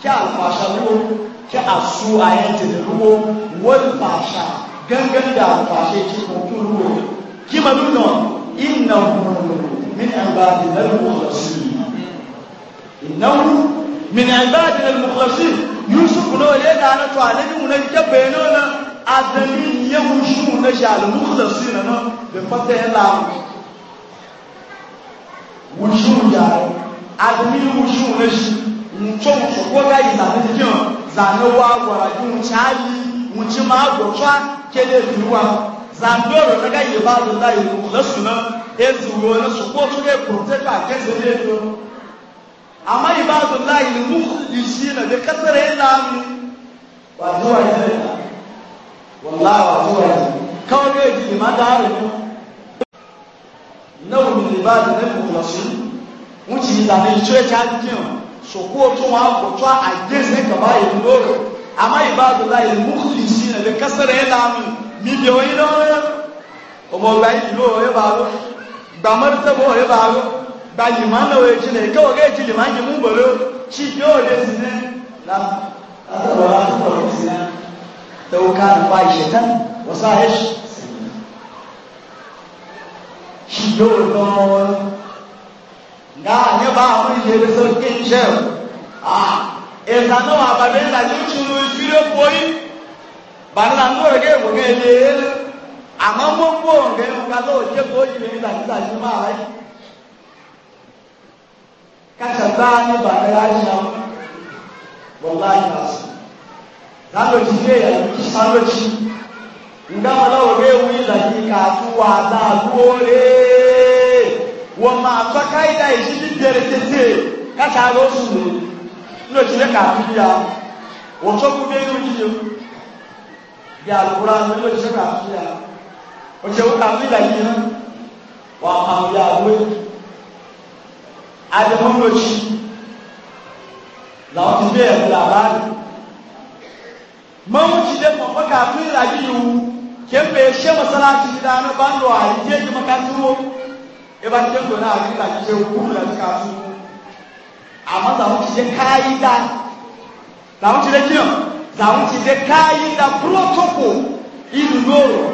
ki alfasha ruwo ki asu ayati da ruwo wal fasha gangan da alfashe ki ko ku ruwo ki ma nuna innahu min ibadina al-mukhlasin innahu min ibadina al-mukhlasin yusuf no le da na to alabi mun ke bayano na adami yahushu na jali mukhlasi na na da fata ya lamu wushu ya adami wushu na shi mutu mutu ko ga yi zane jikin zane wa gwara ji mutu hali mutu ma gwata kele fiwa zandoro na ga yi ba da da yi mukhlasi na ezi wo na su ko tuke protect a kese ne to amma ibadu lahi mukhlisi na da kasar ya lamu ba zuwa ya lamu wallawa zuwa e ne kawai e e ne ji ma ta hari ne náà mi lè bá ilé kòkòrò kaba yìí lórí àmọ́ ìbáàdùn láyé mùkúlì sí mi bì ọ́ yín lọ́wọ́ ọmọ ọgbà yìí ló ọ̀rẹ́ bá lọ gbà mọ́tẹ́ bọ́ ọ̀rẹ́ bá lọ gbà máa ń lọ èjì lẹ̀ kí ọ̀rẹ́ lè máa ń yẹ mú bọ̀lọ́ sí ní لو كان فاحشة وصاهش شيوخ nga nye ba ahu ye bi so kinje ah eza no aba be na ni churu jire boyi ba na no ge mo ge le ama mo po ge mo ka lo je boyi ni da da ni ma ai ka sa ba ni ba ra sha wallahi asim lálọ́jì dé ẹ̀yìn sálọ́jì ìdáwọn náà wọ́n léwu ìlàjì kàtú wà láàbúrò rẹ̀ wọ́n máa tọ́ káyidá ìṣíbí bẹ̀rẹ̀ tètè káta lóṣù rẹ̀ lóṣù rẹ̀ kàtú bíyà wọ́n tó kú bẹ́ẹ̀ lójú yẹn bí alùpùpù rẹ̀ o rẹ̀ kàtú bíyà wọ́n ṣe wọ́n kàtú ìlàjì yẹn wọ́n máa bí àwọ̀ àdìmọ́ lóṣù làwọn ti bẹ́ẹ̀ làbáyé mawuci da mafa kafin rabi yiwu kembe she masalaci gida na bando a rike ji makasuro iban kembe na abin da ke kula da kasu amma za mu ci da kayi da za mu ci da kiyon za mu ci da kayi da protocol ilu noro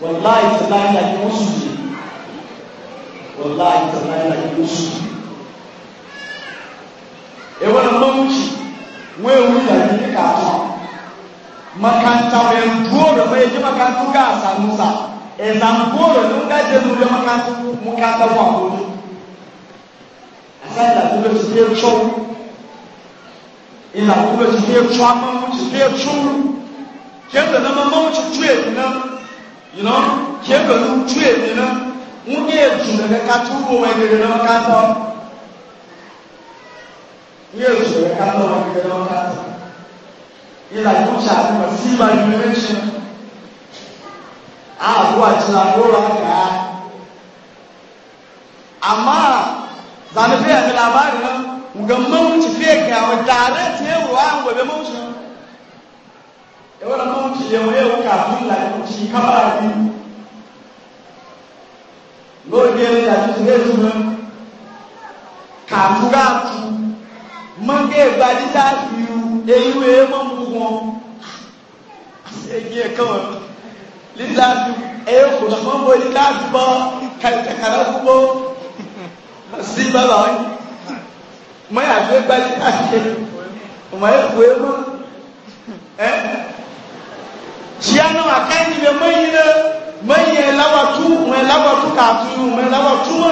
wallahi tsanani da ke musu ne wallahi tsanani da ke musu ne e wani mawuci wewu da ke kasu Makan wuyan goro bai ji makantu ga a samu sa e zan goro don gaje mu da makantu mukanta wa gobe a sai da kuma su fiye cewa ina kuma su fiye cewa man mu su fiye cewa kyan da zama you know kyan da zama cuye dina mun iya ju daga katu ko mai daga na makanta mun iya ju daga katu ila kucha masiba dimension a kuwa tunagora ka amma zani fiye da labarin nan mugamman wuce fiye ga wa tare ta yi wa an gobe mawuce yawon mawuce yawon yawon kafin lafi kama biyu lórí ẹni àtúntò yẹn tún náà kàtúgàtú mọ́gẹ́ ìgbàdídá ìrù eyi wo ye ma mu wɔn eyi yɛ kama lilaafi eye ko nafa bo lilaafi bɔ kakara ko bo si ba la wɔn mɛ a fɛ ba lilaafi o ma ye ko ye eh? ma ɛ tia na wa ka yi bɛ ma yi na ma yi yɛ e lawatu mɛ e lawatu k'a tu mɛ e lawatu ma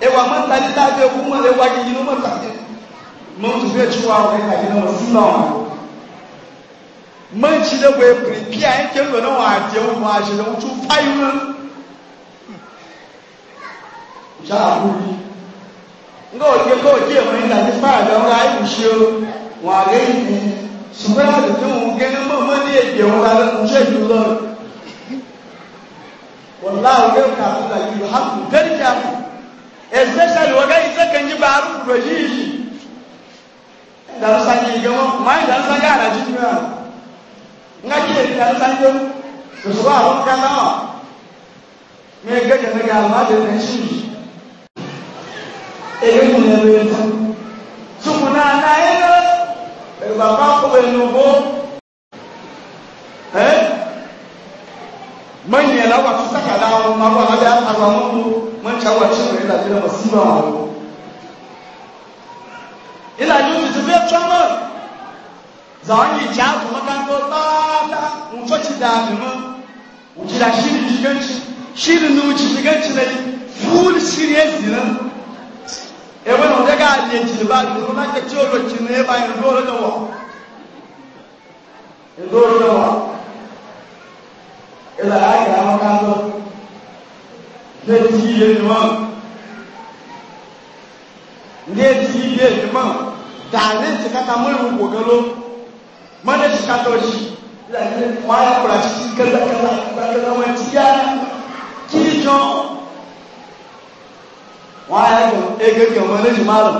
ewa ma ta lilaafi ewu ma ewa yi yi ma mọ́tò fẹ́ tí wà wọ́n kàkí náà sí náà mọ́tì náà wọ́n pèrè bí i àyè kéwòn náà wọ́n àdé wọn wọ́n àṣẹ náà wọ́n tún fáyé wọn. ìjà àbúrò nga òjé kó òjé wọn ní láti fáà lọ́wọ́ ayé ìṣe o wọ́n àgé ìdí ṣùgbọ́n àti tí wọ́n gé ní mọ́mọ́ ní èdè wọn lálẹ́ ojú èdè lọ. wọ́n láwọn gé wọn làyè yóò hàpù dẹ́rẹ́jà especially wọ́n gá darusa ke gama ma yi darusa ga ala jiju ya nga ki yi darusa ke soso a wọn kan náà mi gẹgẹ mi ga ma de mi si eyi mu na mi tu suku na na yi na baba ko bɛ nubo ɛ ìlà yóò ti ti fẹ́ tọ́mọ̀ zàwọn yìí jẹ́ àtúmọ̀ káńtó báàbá nǹkan ti dà àtúmọ̀ òjìlá ṣírí jìgẹ́ǹtì ṣírí nu jìgẹ́ǹtì rẹ̀ fúlù ṣírí ẹ̀sìn náà ẹ̀wọ́n náà ọ̀dẹ́gà àlè jìnnìbá àdúgbò láti tí ó lọ tààrẹ́ǹtì kata mọ́rin wò gẹ́lọ́ mọ́nẹ́jì kátó yìí lẹ́yìn wọ́n á kura títí kẹ́lẹ́kẹ́lá kẹ́lẹ́kẹ́lá wọ́n ti yá kí jọ wọ́n á yẹ ege gẹ̀ mọ́nẹ́jì má lọ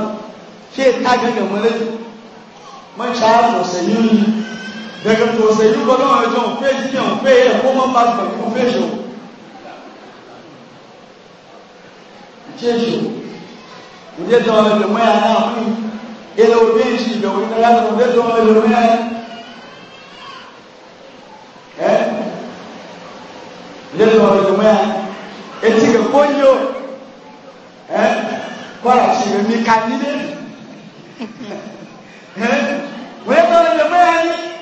ṣé ta gẹ̀gẹ̀ mọ́nẹ́jì mọ́ ṣá fọ̀sẹ̀ yìí ni gẹ̀gẹ̀ fọ̀sẹ̀ yìí gbọ́dọ̀ wọn jọ òun fèèjì yẹn òun fèèjì yẹn kó mọ́ bá gbẹ̀gbẹ̀ ele o bem de Deus, ele não deixa o olho né? É? Ele não olha né? Ele fica colho, é? Para chegar me cair é? Não é para ele né?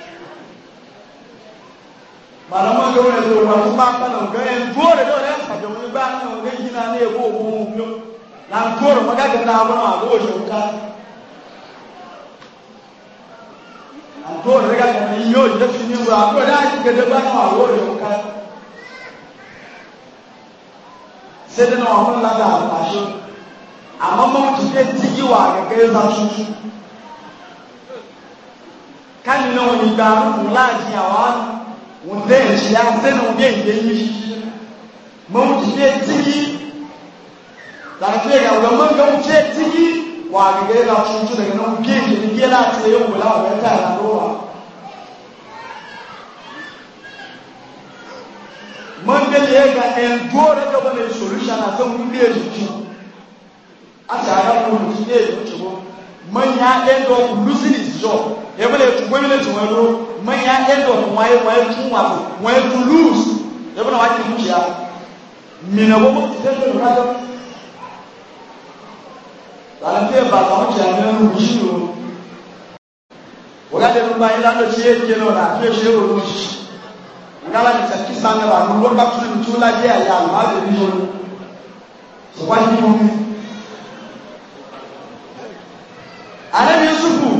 Mas não manda o meu, mas o mapa não ganha, fora do resto, sabe? O meu bar não ganha nada, eu vou, meu. Na cor, mas é que não, não, hoje eu quero. àbúrò rẹ̀ ká kàn ní yóò jẹ́ fi ní wa àbúrò náà ti gẹ̀dẹ̀ bá náà àwọ̀ rẹ̀ ká. Sẹ́dẹ̀ náà wọ́n ń ládà àṣọ. Àmọ́ mọ́ ti fẹ́ tíjì wà kẹ̀kẹ́ ńlá tuntun. Káyọ̀ náà wọ́n ìgbà ńlá láàjì àwa wọ́n dẹ̀ ń ṣe àtẹ́nu bí èyí yìí. Mọ́ ti fẹ́ tíjì. Làtúwẹ̀ ìyàwó lọ́mọ́ ń gbọ́ wa gege la tutu daga nan geje ni gela ce yau kula wa ta la rowa man da ya ga en dole da wannan solution a san mun biye shi a tsara mun shi ne shi ko man ya end up losing his job e bele tu gwe bele tu wero man ya end up why why tu wa why lose e bele wa ti mu ya mina lànà bí ẹ̀bà àwọn ọ̀kì àmì ẹnu wù sí o wọ́gádé ló gba yín lánà tí yé jẹ́ lọ́la àti ẹ̀ṣẹ́ òru ṣíṣì ngala ni tẹ̀kí sanni wà ló lọ́ba tó ní tó lajẹ́ àyà àlùmá lè ní lórí sọ́kọ́ yín mú mi. ààrẹ mi sùkù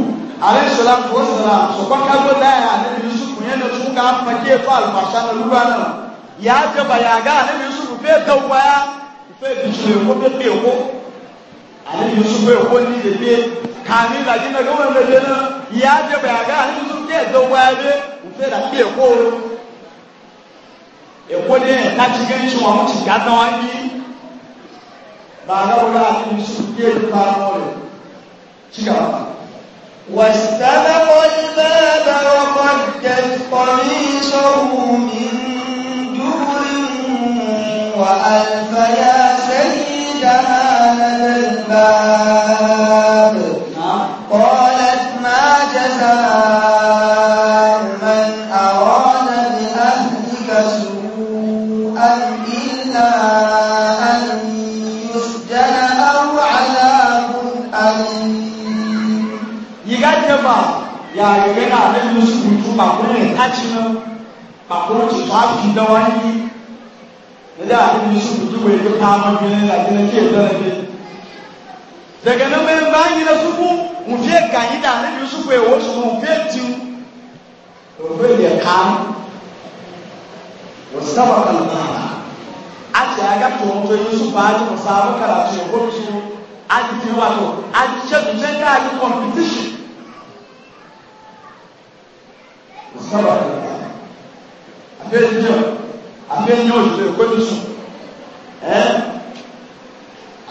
ààrẹ sọlá kò sọlá sọ́kọ́ kágbó dáyà ààrẹ mi sùkù yẹn lọ sùkù ká pàkíyè fún àlùmọ̀ṣá náà lúwa náà yàá jẹ́ bàyà àgá ààrẹ mi sùkù fẹ́ẹ́ dọ̀wọ́ ya fẹ́ẹ́ bìtú èkó fẹ́ẹ́ ani yusuf bɛ ko ni de bɛ k'ani lajɛ na ko wɛrɛ na y'a jɛ bɛ a ka ani yusuf kɛ dɔ waa bɛ u fɛ la bɛ ko èkó ní ẹ̀ka tí kẹ́ ń sún ọ̀hún ti ga náà yí bàálọ̀ wọlé àti yusuf yé nípa wọn rẹ̀ tí kà wá. wàsítàlẹ̀ wọlé bẹ́ẹ̀ bẹ́ẹ̀ ọkọ̀ jẹ́ kọ́rí sọ́hùn mi ń dúró wà á لها لدى الباب قالت ما جزاء من أراد بأهلك سوءا إلا أن يسجن أو عذاب أليم يقدم يا يمنا لن نسكت مقرن أجنا مقرن تطابق دواني da abin da we kudu mai duk haman gini da gina ke zara ne daga nan bayan bayan gina su ku mu fiye ganyi da hannun su ku yawo su mu fiye ci rufe ya kama wasu taba kalmara a ce ya gafi wato yi su ba ji musamman karatu ya kuma su a ji fi wato a ji shaidu can ka yi e competition musamman kalmara a fiye jiya àbẹ́yẹ òṣèré kó ní sùn ẹ́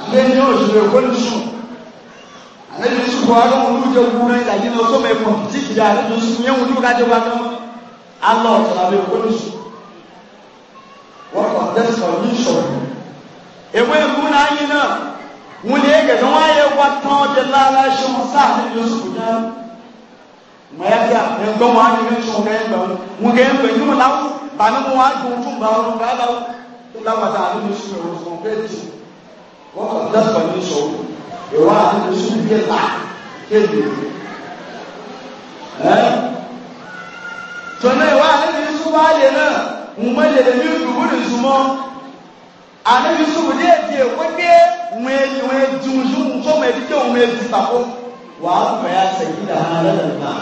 àbẹ́yẹ òṣèré kó ní sùn àbẹ́yẹ sùkọ́ arúgbó olùjẹ wúrẹ́ ìdàgé náà tó mẹ́ pọ̀ tí ìjà àlejò sùn yẹ́wò ní kájọ wa náà alọ́ ọ̀tọ̀lá bẹ́ẹ̀ kó ní sùn wọ́n kọ̀ tẹ́sán ní sọ̀rọ̀ ewé ẹ̀kú náà yín náà wọ́n lè gẹ̀dọ̀ wọ́n ayé wa tán ọdẹ lára ṣe wọn sáà ní ìlú sùn náà mọ̀ ẹ́ bí i àgbẹ̀ngbọ́n wọn á ní bàánú mu wàá dùn tún bàá wọn bàá lọ láwàtà àdúgbò sí ìrò fún bẹẹ tì wọn kàn dáfà ní sọrọ ìwà àdúgbò sí ìbí ẹta kéde ẹ tọ́lá ìwà àdúgbò sí ìbá yẹ náà ńmọ yẹ lè ní ìdúgbò ní ìsúmọ́ àdúgbò sí ìbí ẹtì ẹ̀kọ́ dé wọn èyí wọn èjì wọn èjì wọn èjì wọn èjì sàkó wàá fẹ́ àṣẹ yìí dáhà lẹ́nu náà.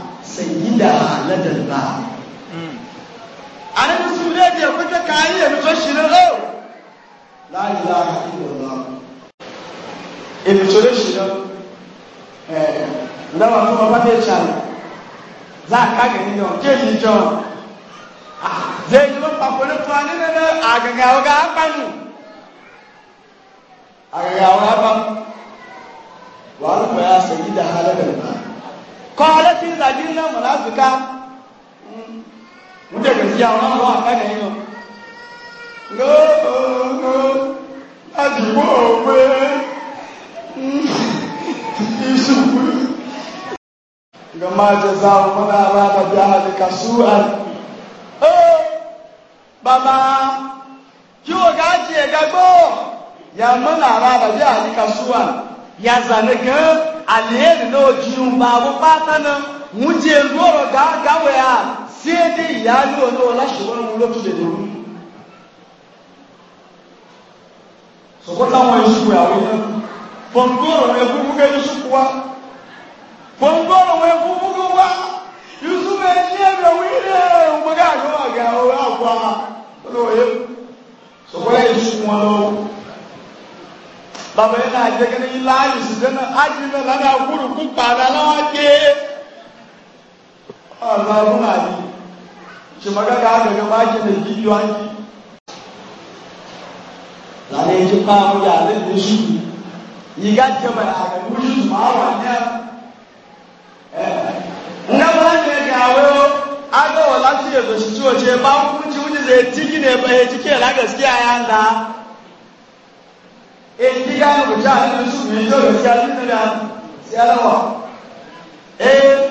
sayyida ladan ba ana musulmi da kuka kayi da mutum shi na o la ilaha illallah ibi to shi na eh lawa kuma ba ta cha za ka ga ni no ke ni jo zai ji ba ko ne to ne ne a ga ga ga ban a ga ga ga ban wa ya sayyida haladan ba kọ́lẹ́ tí ìdájí ńlá mọ̀láfíkà ń ahụ sí àwọn ọmọ àkàkẹ́ yìí lọ. lóòótọ́ láti bó nga máa jẹ sáà wọn náà bá tàbí àlè kà bàbá o ká tiẹ̀ gbàgbọ́ yàmọ́ náà bá tàbí àlè kà ya zane gan alheri náà ju bàbá pátá náà ń jẹ lọ́rọ̀ gáwé a sí èdè ìyá ní ọ̀nà ọ̀làṣẹ̀wọ́n ní olóòtú dèdè rú. sọ̀kọ́ táwọn ìṣubú àwọn iná fọ̀ǹgọ́rọ̀ ẹ̀kúkúkẹ́ ìṣubú wa fọ̀ǹgọ́rọ̀ ẹ̀kúkúkẹ́ wa ìṣubú ẹ̀ṣẹ́ ẹ̀rọ wílẹ̀ ọgbẹ́gà àjọ àgbà ọ̀rọ̀ àgbà olóòye sọ̀kọ́ ìṣubú wọn lọ́wọ́ bàbá yẹn náà jẹ́ kẹ́ni ilá ìṣìṣẹ́ náà ájú náà lábẹ́ àkúrò kú pàdà láwọn ké ọ̀nà ọdún náà yìí ṣùgbọ́n àgbẹ̀gbẹ̀ máa jẹ́ lè yí yọ ayé lálẹ́ ẹjẹ́ pààrọ̀ yà lẹ́nu oṣù yìgá jẹ́ mọ̀ àgbẹ̀gbẹ̀ oṣù máa wà ní ẹ̀ ǹdàbọ̀ ẹ̀ ẹ̀ gàwé o agbẹ̀wò láti ètò ìṣìṣẹ́ òṣèlú bá kú tí ó ti ṣe tíkì ní ẹ̀ èyí ká ló kọjá nínú sùn yìí yóò lọ sí nínú ya sí aláwà. ee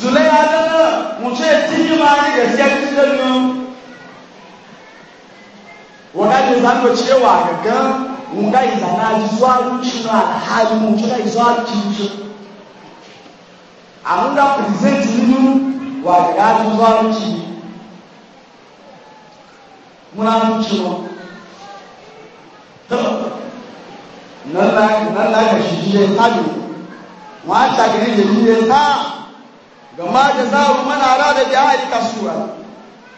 zùlẹ̀ yà dáná mo tún ètí yìí máa ń yẹ sí ẹni tó nù. wọ́n ká lè sáré wọ́n tiẹ̀ wà gàgán wọ́n ká ìzànà àdìsọ́ àlùjì náà àhàlù mo tún ká ìzọ́ àlùjì yìí. àwọn dá pìrìsẹ́ǹtì nínú wà gàgán àdìsọ́ àlùjì yìí. múra ń tún wọn. nalla ga shi jiye tabi wa ta ga ne jiye ta ga ma da za mu mana ra da jihadi kasura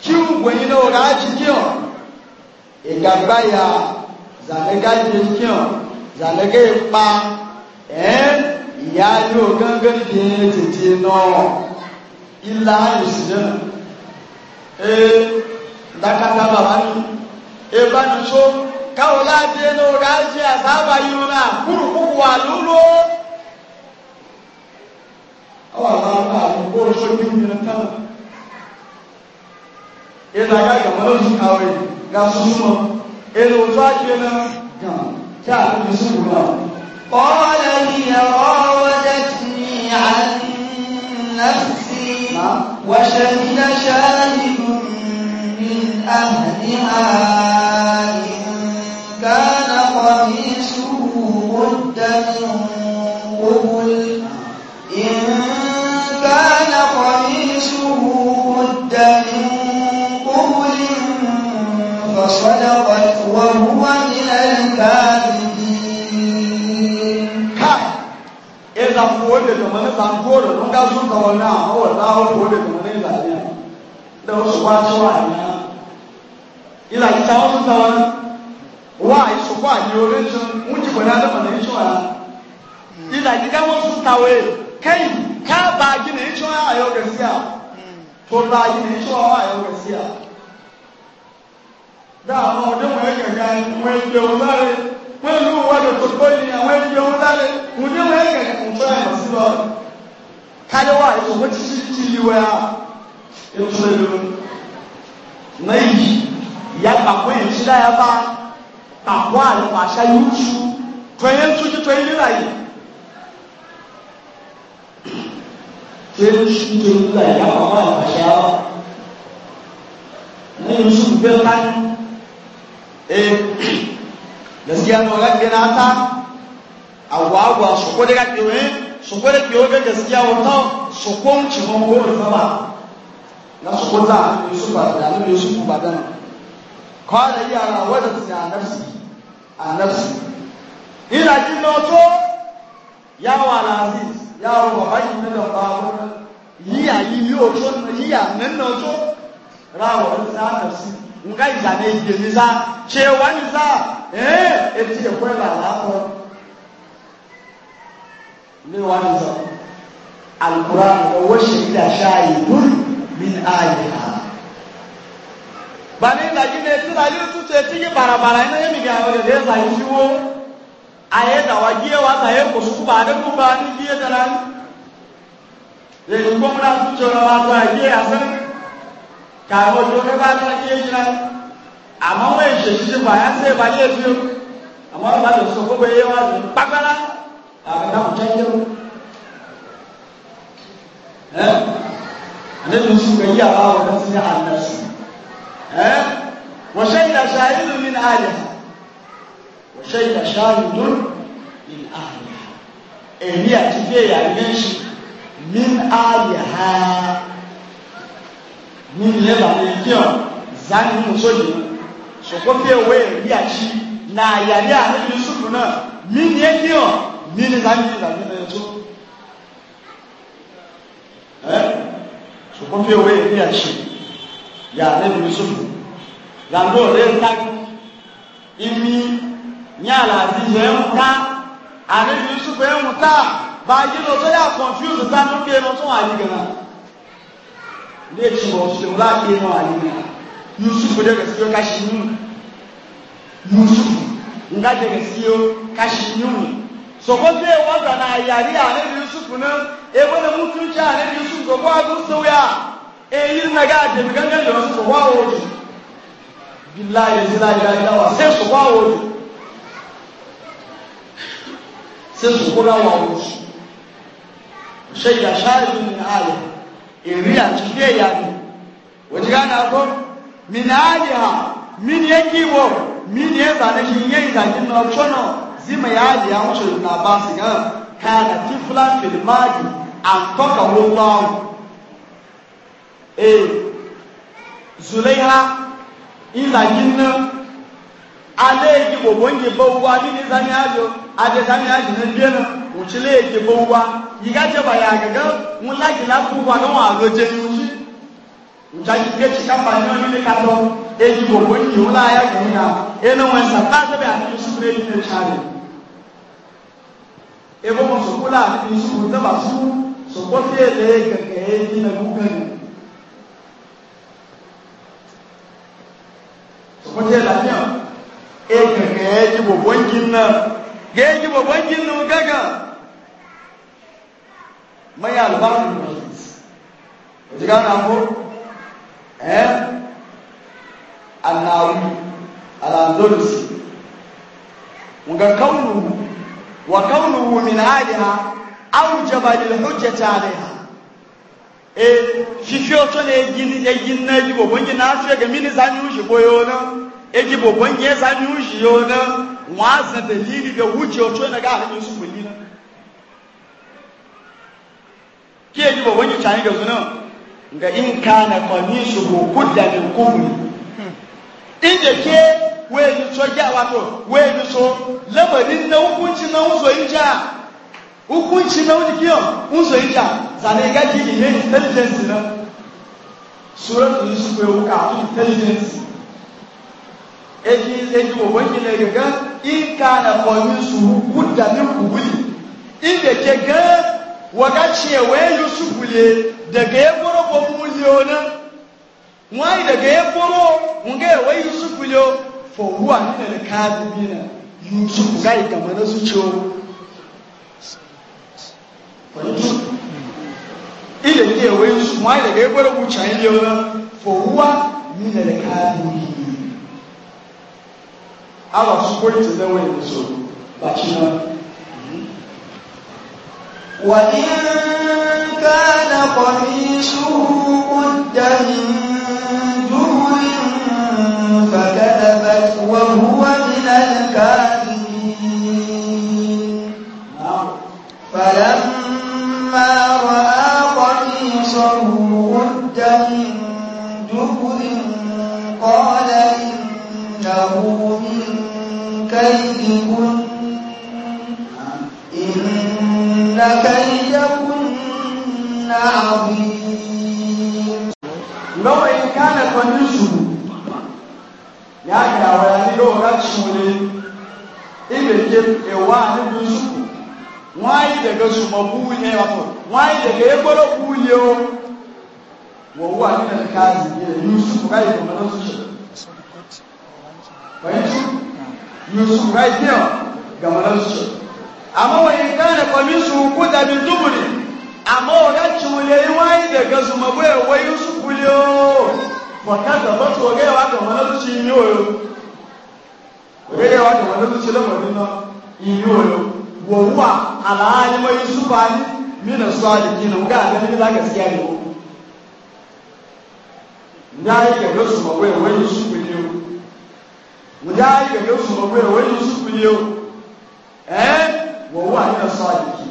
kiu gwani no ga ji kiyo e ga baya za ne ga ji kiyo za ne ga pa eh ya yo gangan de tete no illa yusna eh dakata baba ni e ba ni so káwọn láti ẹnu ọ̀gá ṣe àsáàbà yìí náà kúrùkúrù wà lúlò. àwọn àwọn àdúgbò ṣojú yẹn tán. ìlà gàgà ga súnmọ́ èlò tó àjẹ náà gàn kí àdúgbò sùn wà. قال هي راودتني عن نفسي وشهد من أهلها من قبل إن كان قميصه قد من قبل فصدقت وهو من الكاذبين إذا قوة لمن تنقل نقا سلطة هو الله قوة لمن تنقل لو سبحانه وتعالى إذا كتاب سلطة wa isokwa nyoreso munji kwa nada manecho ya ila jika mo sutawe kai ka ba ji ne cho ya ayo gasia to ba ji ne cho ya ayo gasia da mo de mo ya ga mo de o dare mo lu wa de to ko ni mo de o dare mo de mo ya ga mo cho ya masiro kada wa iso mo ti ti liwa ya yo to le lu nai tàwa àlùfàṣà yìí tú tọ́yẹ́ ń tújú tọ́yẹ́ nílà yìí tẹ́lẹ̀ tú tọ́yẹ́ nílà yìí àwọn àlùfàṣà yà wà ní yusuf bẹ́ẹ̀ ká ee gaskiya na wala ke na ta awa awa soko de ka ke wɛ soko de ke wɛ bɛ gaskiya wɔ tɔ soko ŋutsu mɔ ko wɔ fɛ ba na soko ta yusuf ba da ne yusuf ba قال هي راودتني عن نفسي عن نفسي إلى جنوتو يا والعزيز يا رب أي من الطاعون هي يليوتو هي من نوتو راودتني عن نفسي nga ìjàne ìgbèniza ṣe wá níza ẹ́ẹ́ etí ẹ̀kọ́ ẹ̀là láàpọ̀ ní wá níza alukura ọwọ́ ṣe ìdáṣá ìlú mi ní ààyè náà bani ìdajì náà etí ìdajì tútù etí yí bàràbàrà iná yẹn mi gà ọ̀rẹ́ lẹ́yìn ìdajì sí wo ayé dàwa yíyé wa ta yẹ kòsùkú bá adé kú bá ní yíyé dára ní lẹ́yìn gbọ́múra tútù ọ̀rọ̀ wa tó ayé asẹ́ kàwé ojú ọ̀rẹ́ bá tó ayé yíyé náà àmọ́ wọ́n èsè títí kọ́ àyà sẹ́ ìbá yé fi o àmọ́ wọ́n bá lè sọ gbogbo yé wa lè kpákpárá àgbàdo àwùjọ yé o ẹ àdéhùn sùn kẹ́ yí àwọn àwọn ọ̀rẹ́ sí àná sùn. وشهد شاهد من آلهة وشهد شاهد من آلهة èmi àti bẹ́ẹ̀ yà méjì min àyàhá ní ilẹ̀ bàbá ìdíọ̀ zani ní mùsọ̀lì ṣùgbọ́n bí ewé èmi àti na àyàlẹ́ àti yusufu náà mi ní ẹ̀díọ̀ mi ní zani ní zani ní ẹ̀tọ́ ṣùgbọ́n bí ewé èmi àti ya nabi yusufu lando le ntaki imi nyala ti ye nka anabi yusufu ye nka baaji lo to ya confuse ta no ke mo tun ali gana le ti mo se wala ke mo ali gana yusufu de ke ka shi ni yusufu nga de ke si o ka shi ni so ko te wa da na yari anabi yusufu na e wona mutunci anabi yusufu ko ba dun so ya eyi na ga dem gangan da wasu wa wuri billahi zila ila ila wa sai su wa wuri sai su kura wa wuri sai ya shari min ali iri a cike ya ni wajen gana ko min aliha min ya kiwo min ya zane shi yayi zakin na chono zima ya ali ya mutu na ba su ga kana tiflan fil madi an kaka wallahu eh zulaiha ilagin nan alẹ́ ìgbò bóńgè bọ́wọ́ nínú sani àjò àjẹ sani àjò náà bíẹ́ náà òṣèlè èdè bọ́wọ́ yíká jẹba yà gẹ́gẹ́ mú láti lápúpù àdánwò àlójẹ yìí ìjájú gẹ́ẹ̀kì kápá ní ọdún níka lọ èyí ya bóńgè ó láyà kò ní à ẹnu wọn sàbá sẹ́bẹ̀ àti ìṣúná èyí ní ìṣàlẹ̀. ebó wọn sọkúlà àti ìṣúná sẹ́bà sún sọkọ́ fíèlè gẹ̀gẹ̀ èyí nà ko te la nya e eh, ka ga ji bo bonjin na ga ji bo bonjin na gaga mai albarku ji ga ko eh annawi al-andalusi ga kaunuhu wa kaunuhu min aliha awjaba lil hujjati alaiha e eh, shi shi oto ne gini e gini na jibo bongi na shi ga mini zani ushi boyo na egi babban ya sani ushi yau na wasa dalili da wuce wato na ga hanyar su kulli na ki egi babban ya cani da suna ga in ka na kwani su hukun da ne hukun in da ke wani so ya wato wani so lamarin na hukunci na wuzo in ja hukunci na wani kiyon wuzo in ja zane ga ki ne intelligence na suratul yusuf ya wuka intelligence eji eji wonyi na gaga in kana qawmi su wudda min kubuli in da ke ga waga cewa Yusuf le daga ya goro ko muliyona wai daga ya goro nge wa Yusuf le fo huwa min al kadibina Yusuf ga ita mana su ciwo ile ke wa Yusuf wai daga ya goro ku chayi le fo huwa min al kadibina ala sukori ti dɛwɛ yi so bàtí na. وإن كان قميصه قد من دبر فكذبت وهو من الكاذبين كيدكن إن كيدكن عظيم لو إن كان قد نشر yàgbà àwọn ẹni ló rà tsunni ibè ké ewa níbi nsukku wọn ayi dèké sumọ buwu yẹn wà fún wọn ayi dèké egbolo buwu yẹ o wọ́n wú àti nàìjíríà yusuf right there ga malansu amma wa in kana qamisu quda min duburi amma wa ga chule wai da gazu mabwe wa yusuf kulio wa kaza ba to ga wa ga malansu ni oyo ga ga wa ga malansu la madina ni oyo wa huwa ala ni ma yusuf ali mina salihin ga ga ni za gaskiya ne ko ndai ke gazu mabwe wa yusuf o wòdà gẹgẹ sọmọ pé wọn yusuf ni o ẹ wọn wà ní ẹsọ àdìgì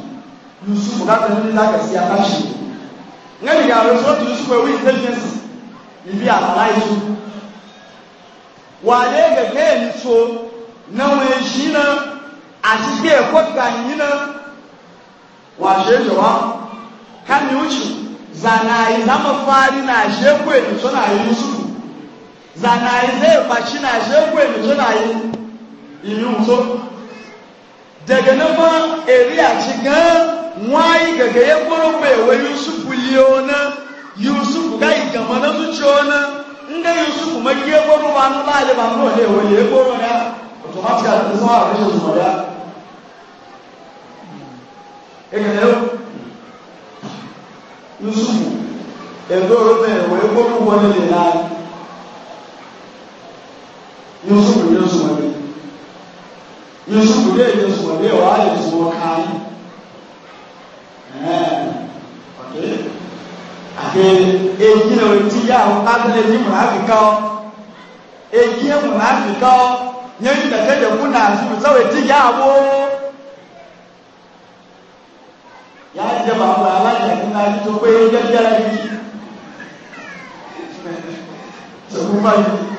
yusuf láti ní lágàsí akáṣe ní ẹnìyà àròsọ tó yusuf ẹwí intelligence ìbí àlàlá yìí wà lé gẹgẹ ẹnìtò náà wọn èyí náà àti bí ẹkọ gànyìn náà wà ṣe é jọwọ kámi ó jù zànà ìzámọfárí náà ṣe é kó ènìtò náà yusuf zana ile bashi na je gwe ni zo na yi iyun so daga na ma eri a ci gan nwayi gaga ya gboro gbe ewe yusufu liyo na ga igama na zuci ona nga yusufu magi ya gboro ba na bali ba na ole ewe ya gboro ya automatically ni zuwa abin yanzu ya egana yau edo orobe ewe gboro wani le na Yusuf Yusuf wani Yusuf dai Yusuf wani wa Yusuf wa kai eh okay ake eji na ti ya ho adle ni mu afika o eji e mu afika o nye ni da de ku na su so e ti ya wo ya je ba wa ala je ku na ji to pe je je la ni so ku fa ni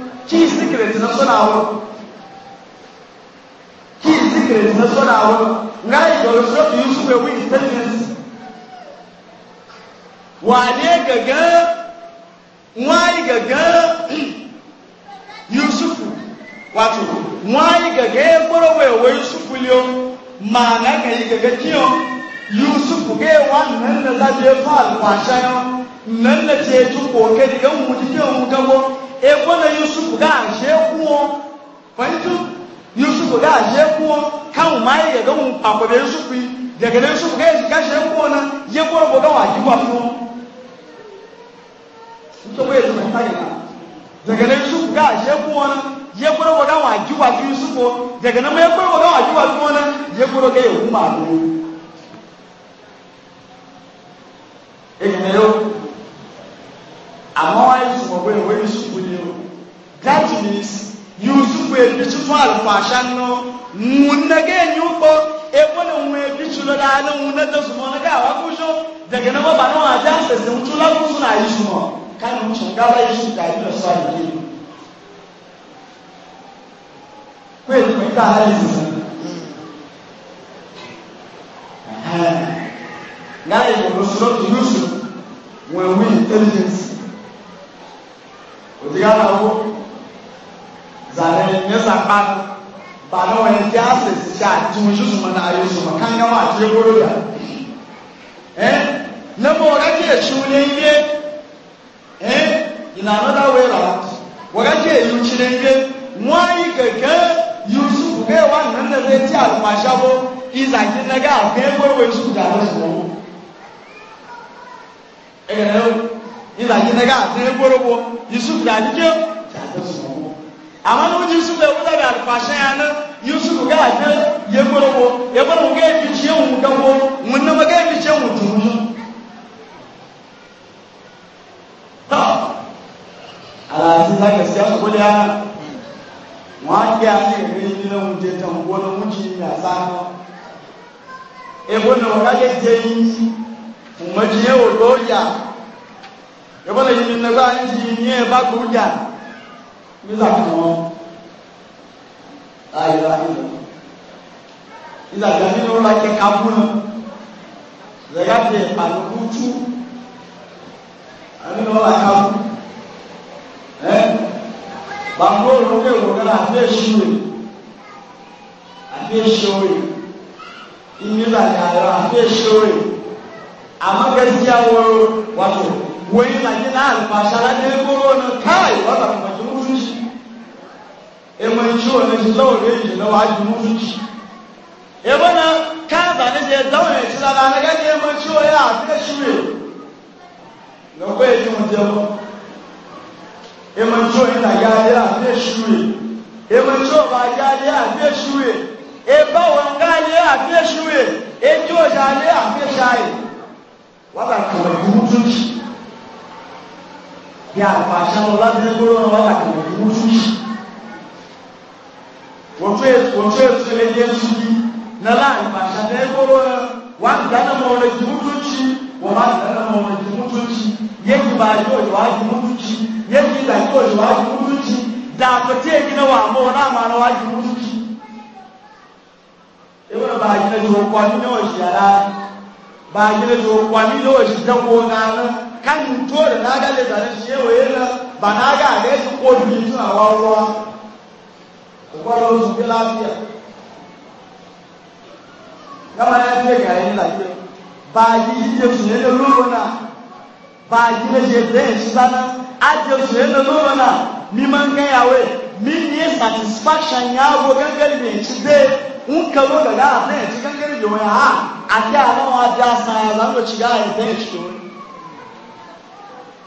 kí secret na sọ́nà àwọn kí secret na sọ́nà àwọn nga ìgbọ̀rọ̀ sọ́ọ̀tù yusuf ewu intelligence wà ní gẹ̀gẹ́ wọ́n á gẹ̀gẹ́ yusuf wato wọ́n á gẹ̀gẹ́ gbọ́rọ̀ wẹ̀ wọ yusuf lé o màá nà kà yí gẹ̀gẹ́ kí o yusuf gẹ̀ wọ́n nàn nà sábẹ́ fún àlùfàṣà yẹn nàn nà tiẹ̀ tó kọ̀ kẹ́ ẹ̀dí gẹ̀ wọ́n mu ti kẹ́ wọ́n mu gẹ̀ wọ́n ebo na yusuf ga ashe kuwo fahimtu yusuf ga ashe kuwo kan ma yi ga mun akwabe yusuf yi daga na yusuf ga yi gashe na ye kuwo bo ga wa ji wa fuwo nso bo yesu mai tayi na daga na yusuf ga ashe na ye kuwo bo ga wa ji wa fuwo yusuf ko daga na mai kuwo bo ga wa ji wa fuwo na ye kuwo ga yi kuma a alfasha no munna ge nyuko e bona unwe bichulo da na unna da su mona ga wa kusho daga na ba bana wa ja se se mutula ku suna yi mo kan mu shi ga ba yi su yi da sai ki ko e ko ta hali su na e ko su ro yusuf when we intelligence o diga na wo zane ne zaɓa ba na wani jasa su sha jimushi su mana ayo su ma kan gama ce goro da eh na mora ke shune ne eh ina na da wera wora ke yuci ne ne wani gaga yusuf ga wannan da zai ci almasha bo izaki na ga ga goro su da su eh ga na izaki na ga sai goro bo yusuf da dike ta su amma na wajen su da wuta da alfashin yana yusuf ga ta ya gurbo ya gurbo ga ya fice mu dango mun na maga ya fice mu turu ta ala sun ta gaskiya su gole yana wa ke a ne gani ni na wuce ta mu gona muci ya sa e gona wa ga je yi mu maji yau doya ya bala yi min na ga an ji ni e ba ku ja mílà kan ayọ̀lá ìlú ìlàjà nínú láti kábúnà lẹ́yà tẹ àlùkùtù àmínú ọ̀là kábú ẹ bàbá òun lè wò kára àti èṣù rẹ àti èṣù rẹ ìmílà yàrá àti èṣù rẹ àmọ́gẹ́sí àwọn wàtò wọ́n ìlàjì náà àlùfàṣà láti ẹgbẹ́ wọn káàyè wọ́n bàbá ema ciwo na ji zaure yi na waji mutunci e bana kan zane je zaure na gani ema ciwo ya fika shiwe na kwaye ji mu jebo ema ciwo ina ya ya fika shiwe ema ciwo ba ya ya fika shiwe e ba wanga ya fika shiwe e ciwo wotwetweleye nsubi na laibasha nekoroya wagana maona jimutuci wabagana maona jimutuci yekibayoyo wajimutuci yekidayoyo wajimutuci dakotekina wamona amana wajimutuci ebona bagina jokwami newoshiyala bagina jokwami newoshidangongana kantore nagalezana shiyeweyela banaga agesi kodulituna wawa kò gbọ́dọ̀ oṣù bí láàbíà gama ya fi ga yin lafiya ba yi je su ne da na ba yi da je da yin sana a na mi man ga yawe mi satisfaction ya go gangar ne ci be un ka go ga a ne ci gangar ne wani ha a ta na wa da ya zan go ci ga yin da ci to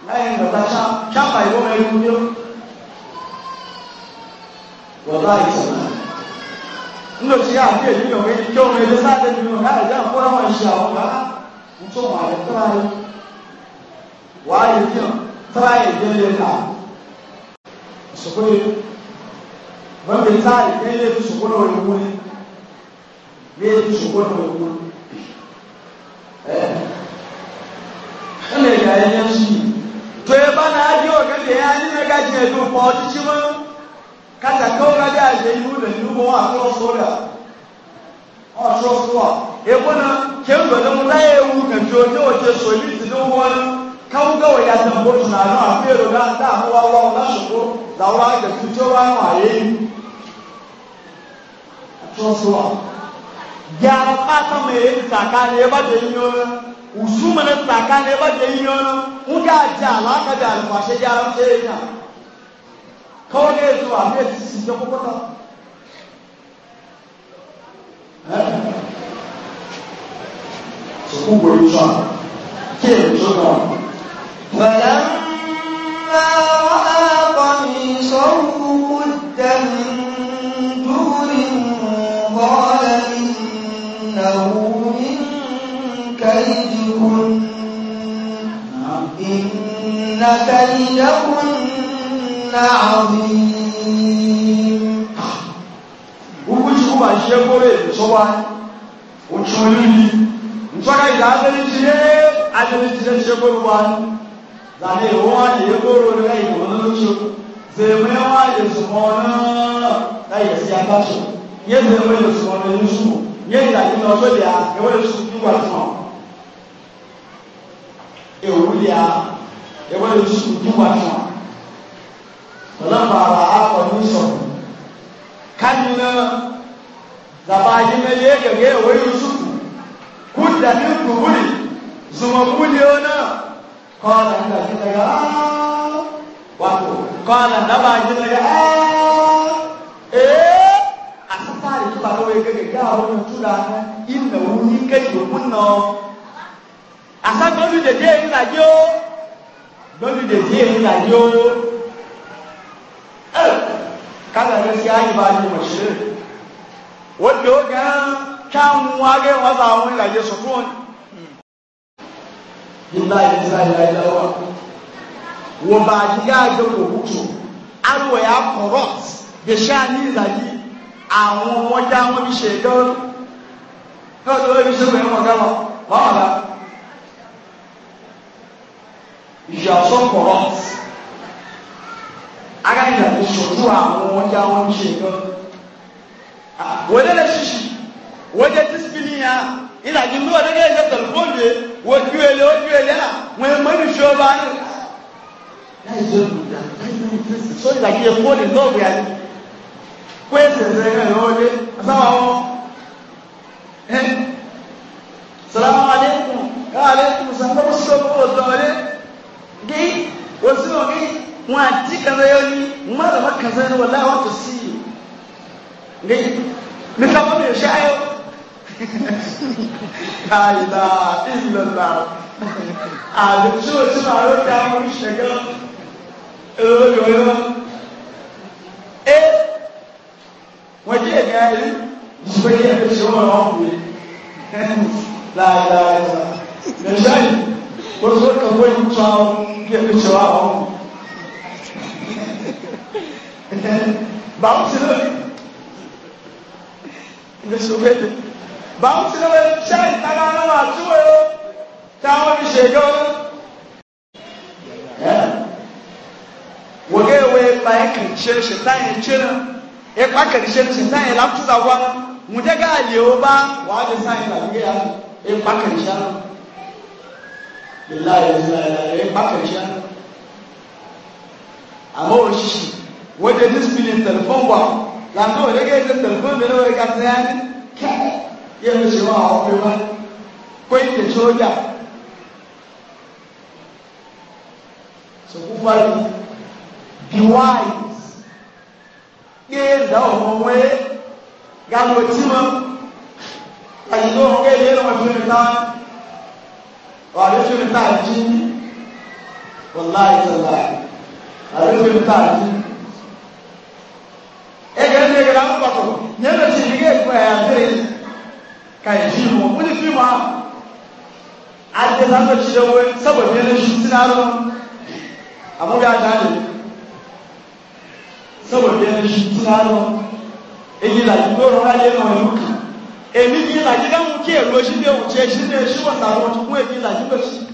na yin da ta sha sha wallahi suna ndo ti ya ke ni no ni jo me de sa de ni no ha ja ko ra wa sha wa ha mu so ma le tra ni wa yi ti tra yi de le ka so ko ni ba me ta yi ke le so ko no ni mu ni le so ko no ni mu eh ele ya yen si to e ba na ajo ke le ya ni ga je do po ti ti mo kata kaura da ya yi nuna nuna wa tuwa soda a tuwa soda ya kuna kin gwada mu da ya wu ka jo ne wace soli ti don ya tambo tunanu a fiye na shigo laura ya yi a tuwa soda ya pata mai yi tsaka ne ba da yi yana usu mana tsaka kọ́ọ̀dé ètò àbí ètò sì jẹ́ kókó tán. Sọ̀kún kò ní sọ̀rọ̀ kí èyí tó kàn. Bàdá ńlá ọ̀pọ̀ mi sọ̀rọ̀ kó dẹ̀ mí dúrí mọ́lẹ̀ ìnáwó mi kẹ́yìn kún. Ìnà kẹ́yìn kún. عظيم ukuthi kuba shekore soba ucholini mfaka idade litire adele litire shekore wani zane wani yekoro ne kai wani lucho zeme wani sumona kai yesi abacho ye zeme ye sumona yusu ye ya ino so dia ye wole su duwa so e wulia ye wole su duwa so lamma ra'a qamisahu kanna zabaji na ye ga ga wai yusuf kudda min kubuli zuma kuli ona qala anda kita ga wato qala nabaji na ga eh asfari ki ba wai ga ga asa gonu de ina jo gonu de ina jo kaga ne sai ayi ba ni mashirin wanda o ga kan wage waza won la je so fun billahi billahi la ilaha wa ba ji ga je ko hutu awo ya corrupt be sha ni zaji àwọn ọmọdé àwọn bí ṣe dán náà tó lórí ṣe pẹ̀lú ọ̀gá wọn wọ́n wà lá ìyàsọ́ corrupt agáyìnlá kò sọ̀tún àwọn ya wọn ṣe gan. wọ́n lé lè ṣiṣì wọ́n jẹ́ tíṣpìlì yẹn ìlàjì ní wọ́n lé lè tẹlifóònù yẹ wọ́n ju èlé wọ́n ju èlé à wọ́n ẹ̀ mọ́nì ṣọ́ bá ní. sọ ìlàjì yẹ fóònù náà wíyà ní. kó ẹsẹ̀ ẹsẹ̀ ẹ̀ ẹ̀ wọlé asáwà wọn. salamu aleykum aleykum salamu sọ́kò ọ̀tọ̀ ọ̀lẹ́ gé wọ́n sì wọ́n wọn àti kaza yóò ní mmadụ ma kaza yóò ní wọn láwọn tó sí yìí nga yìí nípa wọn yóò ṣe ayọ àyìnbá ìlọlá àdùtú òtú àrùn ká wọn ṣẹgá lóyọyọ ẹ wọn jẹ ẹgbẹ ayé wọn jẹ ẹgbẹ tí wọn wọn kú láàyè láàyè lọ ṣáà yìí wọn sọ kàwé ìtura wọn jẹ ẹgbẹ tí wọn wọn kú. bounce no ndesobede bounce no ṣe ìtara náà wà tú o táwọn fi ṣe gan. wòye ìwé báyìí kì í ṣe ṣètàn yẹn ṣe náà ipa kìrìṣẹ́ ṣètàn yẹn látúntà wá ǹjẹ́ gáàlì ó bá wàá di sáyẹn làwùjẹ́ yà ipa kìrìṣẹ́ náà ìlà ìlà ipa kìrìṣẹ́ náà àmọ́ òṣìṣì this wọ́dẹ̀ disbilin tẹlifon wa lànà òdẹ́gẹ́ ẹ̀jẹ̀ tẹlifon mi lọ́wọ́ ẹ̀ka tẹ́yà ní kẹ́ yẹ́ ló ṣe wá àwọn ọmọ wa kó ìkè tí ó yà sọ̀kú fáyì bí wáyì kí ẹ̀dá ọmọ wẹ́ gàlọ́ tí mọ́ àyíkó ọmọ kẹ́yẹ lọ́wọ́ fún mi ta wà ló fún mi ta jí wọ́n láì sọ̀rọ̀ àlọ́ fún mi ta jí ne gara mu bato ne na ci dige ko ya zai kai shi mu mun fi ma a da zan ci da wai saboda ne shi tunaro amma ga ta ne saboda ne shi tunaro èyí la ti gbóró láyé náà yìí èmi yìí la ti dáhùn kí èrò ṣídéhùn ṣe ṣídéhùn ṣíwọ̀n tàwọn tó kún èyí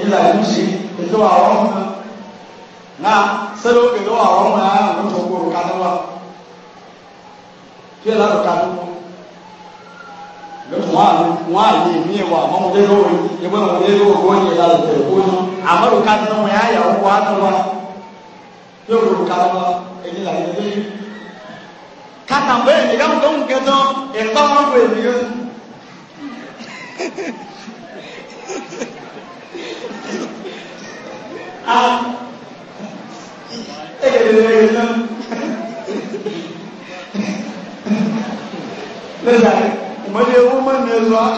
èyí là ń ṣe ètò àwọn ọmọ náà sẹ́lẹ̀ ó kèdè àwọn ọmọ náà àwọn tó gbòòrò ká lọ́wọ́ kí ẹ lọ́dọ̀ ká lọ́wọ́ lọ́dọ̀ wọn à lè mí ìwà àmọ́ mo lé lówó ìgbẹ́ mo lé lówó owó yẹn lálẹ́ tẹ̀ kó yẹn àmọ́ ló ká lọ́wọ́ yẹn àyà owó á lọ́wọ́ yóò lọ́wọ́ ká lọ́wọ́ èyí là ń ṣe kátàmbé ìdáhùn tó ń kẹtàn ẹ̀tọ́ wọn kò èmi yẹn a ẹ̀ẹ́dẹ̀ẹ́dẹ̀ náà lẹ́sà ìmọ̀lẹ́ owó mọ́ ní ẹ̀sọ́ á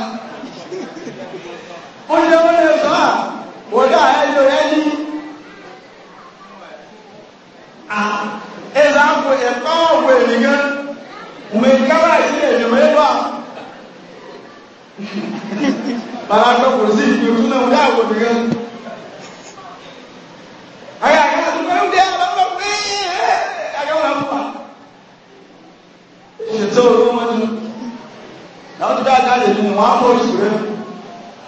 ó ní owó ní ẹ̀sọ́ á wọ́dá ẹ̀yọ rẹ̀ ní ẹ̀sà àpò ẹ̀pá ọ̀pọ̀ ènìyàn mẹ́kàlá sí ẹ̀yọ̀ mẹ́fà bàbá tó kò sí ìpè òtún náà wúdà àwọn òbí rẹ. ayé àgbà tó fẹ́ wúdà àwọn ọmọ pé àgbà wọn kú wa. ìṣètò owó wọn ni náà tó dáa jáde nínú wọn á bọ̀ ìṣòro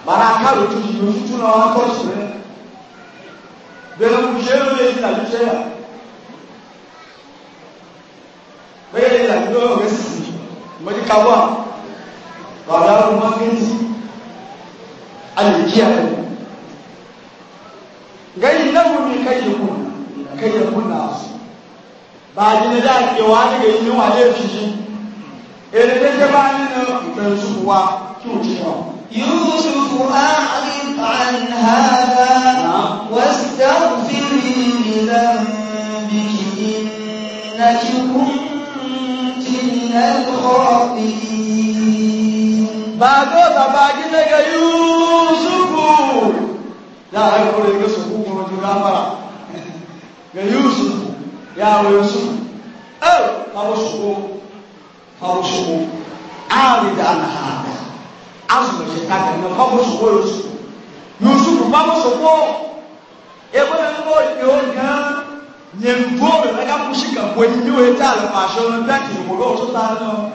bàbá káàlù tó yìí òtútù náà wọn á bọ̀ ìṣòro. bẹ́ẹ̀ ni ṣé ló lè yí àbí yà. bẹ́ẹ̀ ni àbí lọ́wọ́ rẹ̀ sì mẹ́ríkà wà bàbá ọmọ kẹ́ńtì aljiyaku gai nahu ne kai ya kuna kai ya kuna su ba ji na da ke wa daga yi wa ne fi shi ere ta ke ba ni na dan su kuwa kyau ce ba yusuf a'rid an hada wastaghfiri li dhanbiki innaki kunti min al-khati'in bago baba gidega yusufu ya haifar da su kuma wajen gafara ga yusufu ya wa yusufu au hawa shugo hawa shugo ari da ana hada azuwa shi kaka na hawa shugo yusufu yusufu hawa shugo ebe na ngo yo nga nyembo na ka kushika kwa nyowe tala pasho na taki ngo go tala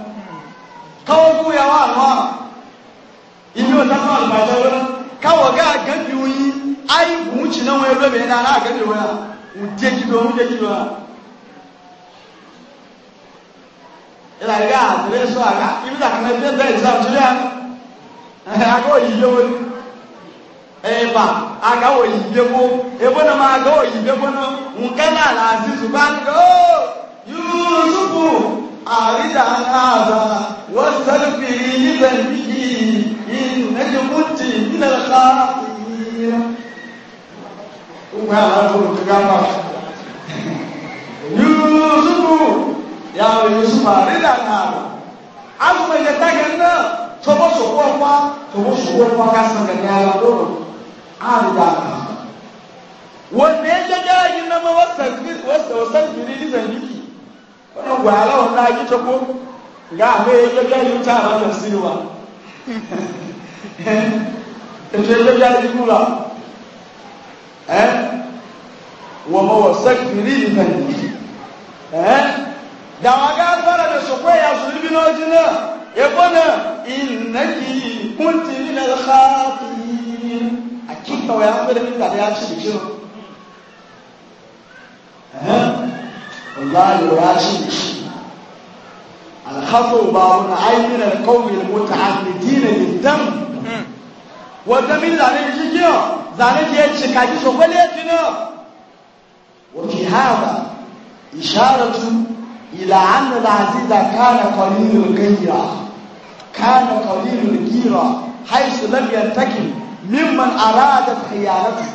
iyo lafa albata wani kawo ga gabi wuyi ai wuci nan wani lobe yana na gabi wani wuje gido wuje gido na ila ga tare so aga ibi da kana be da exam eh, tuli an aga oyiye wo eba aga oyiye wo ebo na ma aga أعرض عن هذا واستغفري لذنبي إنك كنت من الخاطئين Yusufu ya Yusufu àrídà náà azumake tage náà tọwọ́ sọ̀kọ́ ọ̀pá tọwọ́ sọ̀kọ́ ọ̀pá kásán kẹ̀kẹ́ ara lóru àrídà náà. Wọ́n ní ẹjẹ́ jẹ́ ayé náà wọ́n sẹ́gbìrì nígbà yìí wannan gwala wannan ake ta ko ga akwai ya gani ta ba ta sinuwa ta ya gani kula eh wa mawasakiri nan eh da waga fara da su koya su ribi na jina ya kwana innaki kunti min al-khatin akika wa ya fara da ya ci shi eh وقال الراشد الخطأ بعضنا أي من القوم المتعمدين للدم والدم اللي زعلان يجيكيو زعلان يجيكي كاكي سوكول يجيكيو وفي هذا إشارة إلى أن العزيز كان قليل الغيرة كان قليل الغيرة حيث لم ينتكب ممن أرادت خيانته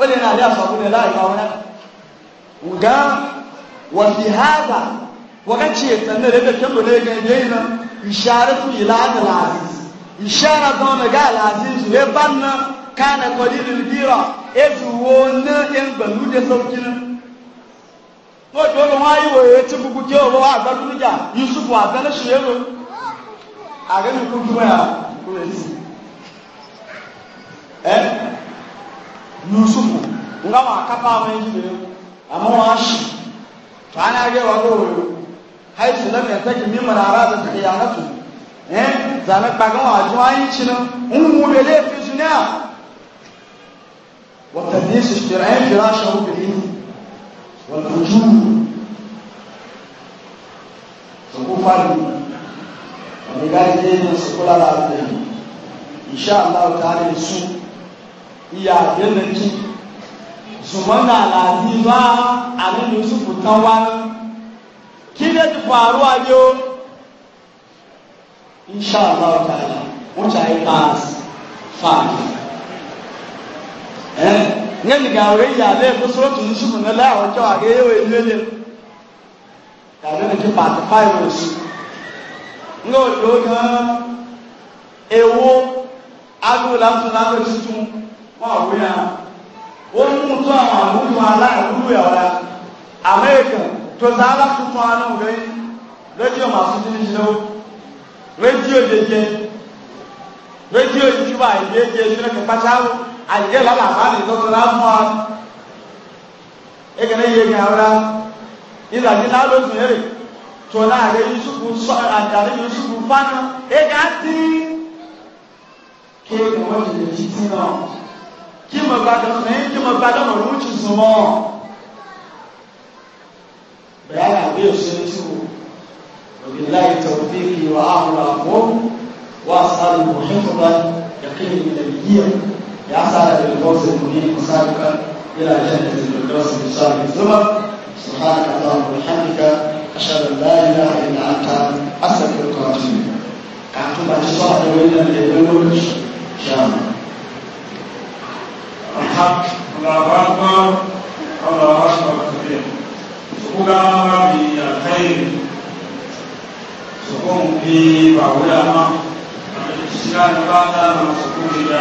قلنا لا صابون لا يبغون ga wa fi hada wakati ya tsanne da kyan dole ga yayi nan isharatu ila al-aziz ishara da wannan ga al-aziz ne banna kana qalilul dira ezuwo na en banu da saukin ko dole wai wo ya ci bugu ke wo a ga dunya yusuf wa ga shi yero a ga ku kuma ya ku eh yusuf ngama kapa mai jibe amma wa shi to ana ga wa go haisu lam yantaki mimma arada khiyanatu eh zame pagan wa ju ayi chino un mu bele fi sunya wa tadnis ishtira'in firashahu bil ilm wal hujum so ko fali ne ga je ne su kula da insha Allah ta'ala su iya yannan ki ṣùgbọ́n náà làbí bá àmì yusufu tán wá kí lè ti faru ayé o insha allah ta'ala which i pass five ẹ ní ẹnìkan àwọn èèyàn alẹ́ fún sọ́ọ̀tù yusufu náà láwọn ọjọ́ àgẹ́yẹ̀wò ìlélẹ̀ tàbí ní ti pàtó five years ní òjò gan ewo agbóhùn láti láti tuntun wọn ò wí hàn wọ́n mú tó àwọn àmúlò aláìlú ẹ̀wọ̀ra amẹ́ríkà tó sáárá tuntun àánú rẹ̀ rédíò màsí ní ìṣẹ́ rédíò jẹjẹ rédíò ìjúbà ìjẹjẹ ìṣúná kẹpàtàwó àyíké lọ́la àbáni lọ́tọ́ láàmú wa ẹgẹ̀rẹ́ yẹ kẹ́ ara ìlàjì lálóṣù ẹ̀rẹ̀ tó láàrẹ yusufu sọ àdàrẹ yusufu fánà ẹgẹ̀ á ti kí ẹgbẹ̀ wọ́n ti lè jí sí náà. kí mo bá dán mẹ́ kí mo bá dán mọ̀ ló ti sùn mọ́ bẹ́ẹ̀ ni àbí òṣèlú tó òbí láì tẹ̀wọ́ bí kì í wà á wà mọ́ wà sáré mọ̀ ṣẹ́kọ̀ọ́ يقين من الدين يسعد بالفوز المبين مسابقا الى جنه الفردوس من شهر الزمر سبحانك اللهم وبحمدك اشهد ان لا اله الا انت استغفرك واتوب اليك. كعتوب على الشهر وين اللي يقولوا شامل. الحق الله أكبر الله أكبر كبير سكوكا بابي الخير سكون في بعولها الإسلام بعد ما سكون إلى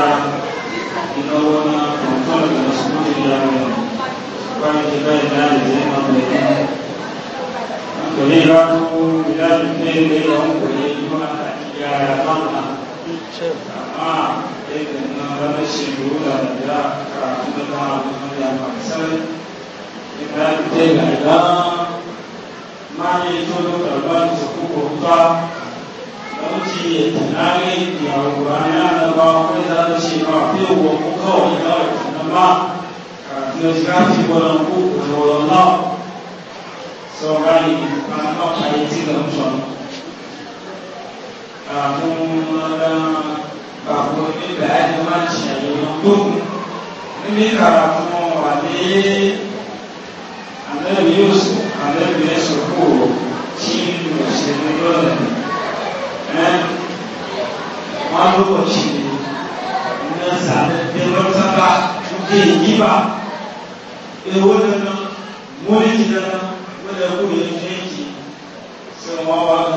إنونا كنتم تسكون إلى وكانت بين هذه الأمرين أن تريد أن تكون بلاد الخير بينهم كلهم أحياء 啊，这个呢，是湖南的，湖南的湖南的花生，你看这个是哪个？哪里做的？台湾的香菇干，都是野田鸡、野乌龟、野龙虾、野大虾、野青蛙，第五个是野什么？啊，就是虾蟹不能不不说到，所以看到海鲜的很多。àmúmọ́lá bàbá nígbà ẹni máa ń ṣàyẹ̀wò gbóhùn níbi ìkàrà fún wà ní àlẹ́bí yóò sọ àlẹ́bí ẹ̀sọ́ kò tí mo ṣe ní lọ́nà ẹ̀ wọ́n á lọ́wọ́ ṣe ní sàlẹ̀ ní lọ́sàbà ní ìyíba èwo dandan ti dandan wọ́n lè kó yẹn ní ẹ̀jẹ̀ sọ wọ́n wá lọ.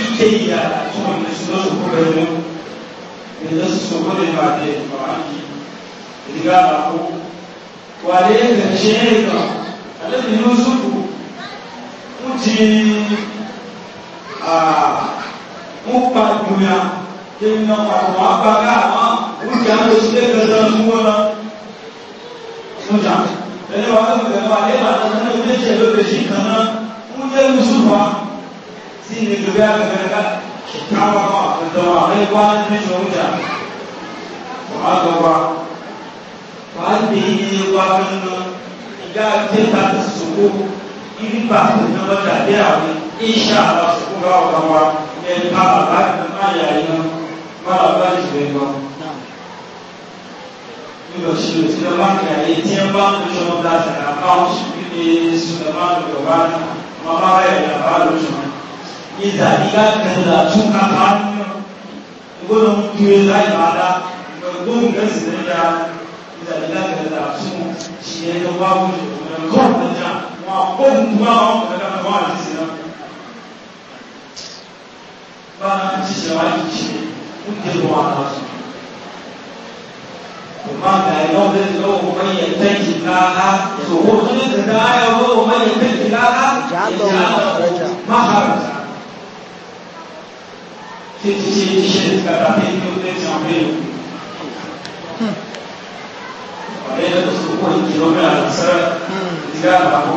ikeyya kuma da su nasu mu da su so kuma da ba da ba anki riga ba ko wale da ce ka alabi yusuf uti a mu pa dunya din na pa wa ba ga ma mu ja da su da da su wala mu ja da ne wa da ne wa ne ba da ne ne ce lokaci kana mu ja yusuf ba shi ne dubi aka garga kyakkyawa ma da wa'ai kwanan ne shi wuta ba aka ba ba an da yi ne kwanan nan ga jinta ta su ko in ba ta na wata biya ne insha Allah su kuma wa kama ne ba a ba ta ma yayi nan ba a ba shi bai o ti lọ bá kí ayé tí ẹ ìdá ìdá kẹta tún kápá gbọ́dọ̀ ń kiri láì máa dá gbọ́dọ̀ ń gẹ̀ẹ́sì ní ìdá ìdá ìdá kẹta tún ṣìyẹn tó wá wúlò ẹ̀kọ́ ìdájà wọn àkóhùn tó bá wọn kọ̀ ẹ̀dá wọn àti sí náà. bá a ti ṣe wá yìí ṣe ń dé wọn àná sùn. وقال يوم له من يتق الله سهول ذكر يوم من يتق الله يجعل له مخرجا títí tí iṣẹ́ ìgbàgbà tí ó lé ti àwọn èèyàn. ọ̀rẹ́ yẹn tó sọ fún ìkìlọ́mẹ́ àlùsẹ́ ìdílé àbàkù.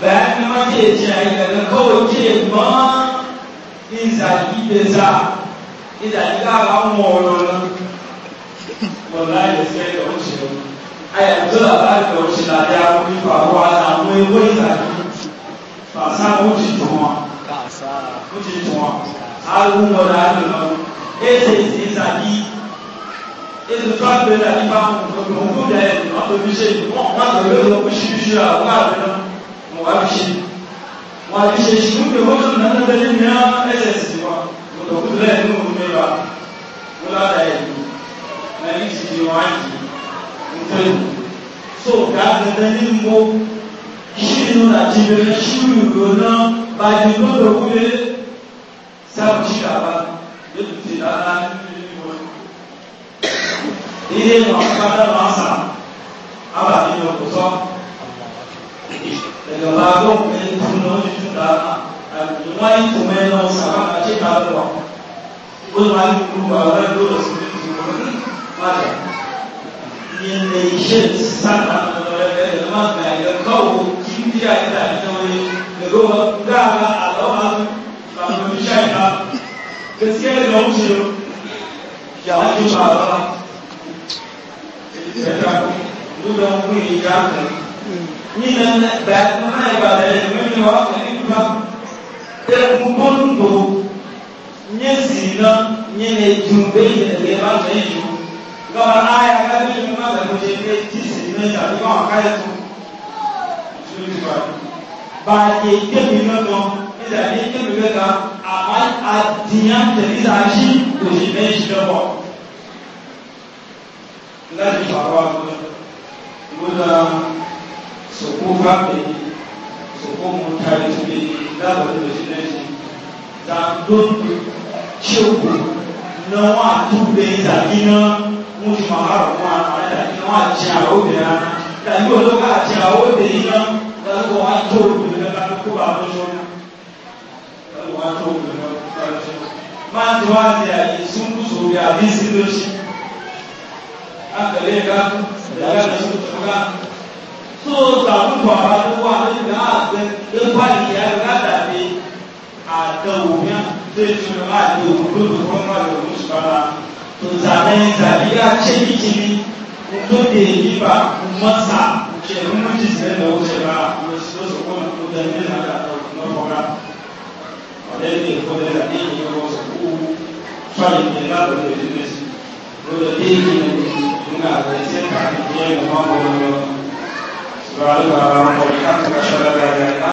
bẹ́ẹ̀ ni wọ́n ti jẹ ìgbàgbà kó o jẹ mọ́ ìzàgí bẹ́sà ìzàgí káàkà ń wọ̀ ọ̀rọ̀ náà. wọ́n láyé ẹ̀sẹ̀ ìyọ̀wọ́ ṣe lọ. ayàtò àbáyọ̀ ìyọ̀wọ́ ṣe láti àwọn ìfọ̀ àwọn àwọn ewé ìzàgí. Pàṣẹ àwọn ó Et le de la vie on on on on on on on on va va va va va va va va dire, dire, dire, dire, dire, dire, dire, dire, arúgbọ́dá àdùnnà èsè ìsàdí èsè tó àgbẹ̀dá nípa òkùnkùn òkúta ẹ̀ ọ̀tọ̀bí ṣe wọ́n wọ́n tó lé lọ oṣìṣì àwọn àbẹ̀nà wọ́n wá fi ṣe wọ́n fi ṣe ṣì ń pè wọ́n tó nà lọ́dẹ ní mìíràn ẹsẹ̀ sì wà òkùnkùn lẹ́yìn ní òkú mẹ́wà wọ́n lára ẹ̀ lù lẹ́yìn sì ni wọ́n á yìí ń tẹ́lẹ̀ so gàdẹ̀dẹ̀ ní mo ṣì ń lọ àti ìrẹsì ìrù lọ́nà bàjẹ́ lọ́dọ̀ kúlẹ̀ tẹ́wọ̀ṣàbá lóòtì ara ilé ìwọ̀n padà máa sà ábà nínú ọ̀pọ̀tọ́ ẹ̀yọ̀lá agbóhùn ẹni tó ń lọ ní ìtura àgbẹ̀wọ̀n ìtùmọ̀ ẹ̀ náà sàmà àti ìbálòpọ̀ ó ní wàá nínú àwọn ẹgbẹ́ òsì ìwọ̀n padà ní ilé iṣẹ́ sábà lọ́rẹ́ ẹ̀rọ máa bẹ̀rẹ̀ kọ́wọ́ kí n bí àyíká ìjọba ẹ̀rọ gbára àlọ́ máa ń ya ka gaskiya da ga wuce ya wani ba ba ya ka duba kuri ya ka ni nan da kuma ya ìdá ní kébì mẹ́ta àmọ́ àdìyàn tẹ̀lísà ṣí òsì méjì lọ́wọ́. láti fàwọn àwọn ìwọ́nà sòkó fáfẹ́ sòkó mú tàbí tìbí lábàtí lọ sí lẹ́sìn ta ló ń pè ṣòkò náà wà tó gbé ìdàgbé náà mú ju màmá rẹ̀ fún àwọn ìdàgbé náà àti àwọn obìnrin náà ìdàgbé olóka àti àwọn obìnrin náà lọ́wọ́ wá tó obìnrin náà kó bá lọ́sọ̀rọ̀ wato obìnrin farko máa ń wá sí àyè sunkusu bí àbí sílóṣì akẹlẹ ká ìyára ìṣòro tó ká tó sàkóso àwọn àdúgbò àwọn ìgbà àgbẹ lẹkọọ ìyá ìgbà dàbí àdánwò yá tó ìtura láti òkúrò tó kọ́ máa lọ ní ìṣúná tó sàmẹ́ sàbí yá chéjìjìmí tó dé nípa mọ́sà òṣèlú mọ́tìsì lẹ́nu òṣèlú àwọn ìṣòro tó kọ́ máa tó dẹ̀ ní lẹ́yìn ìkọlẹ̀ àdéhìí wọn sọ́kú fáyìn ní láàrùn ìlú mẹ́sì lọ́dọ̀ déhìí nígbà àtẹ̀sẹ̀ káàkiri ẹ̀yìn wọn lọ́wọ́ sọ̀rọ̀ àlọ́ àwọn ọ̀rẹ́ àti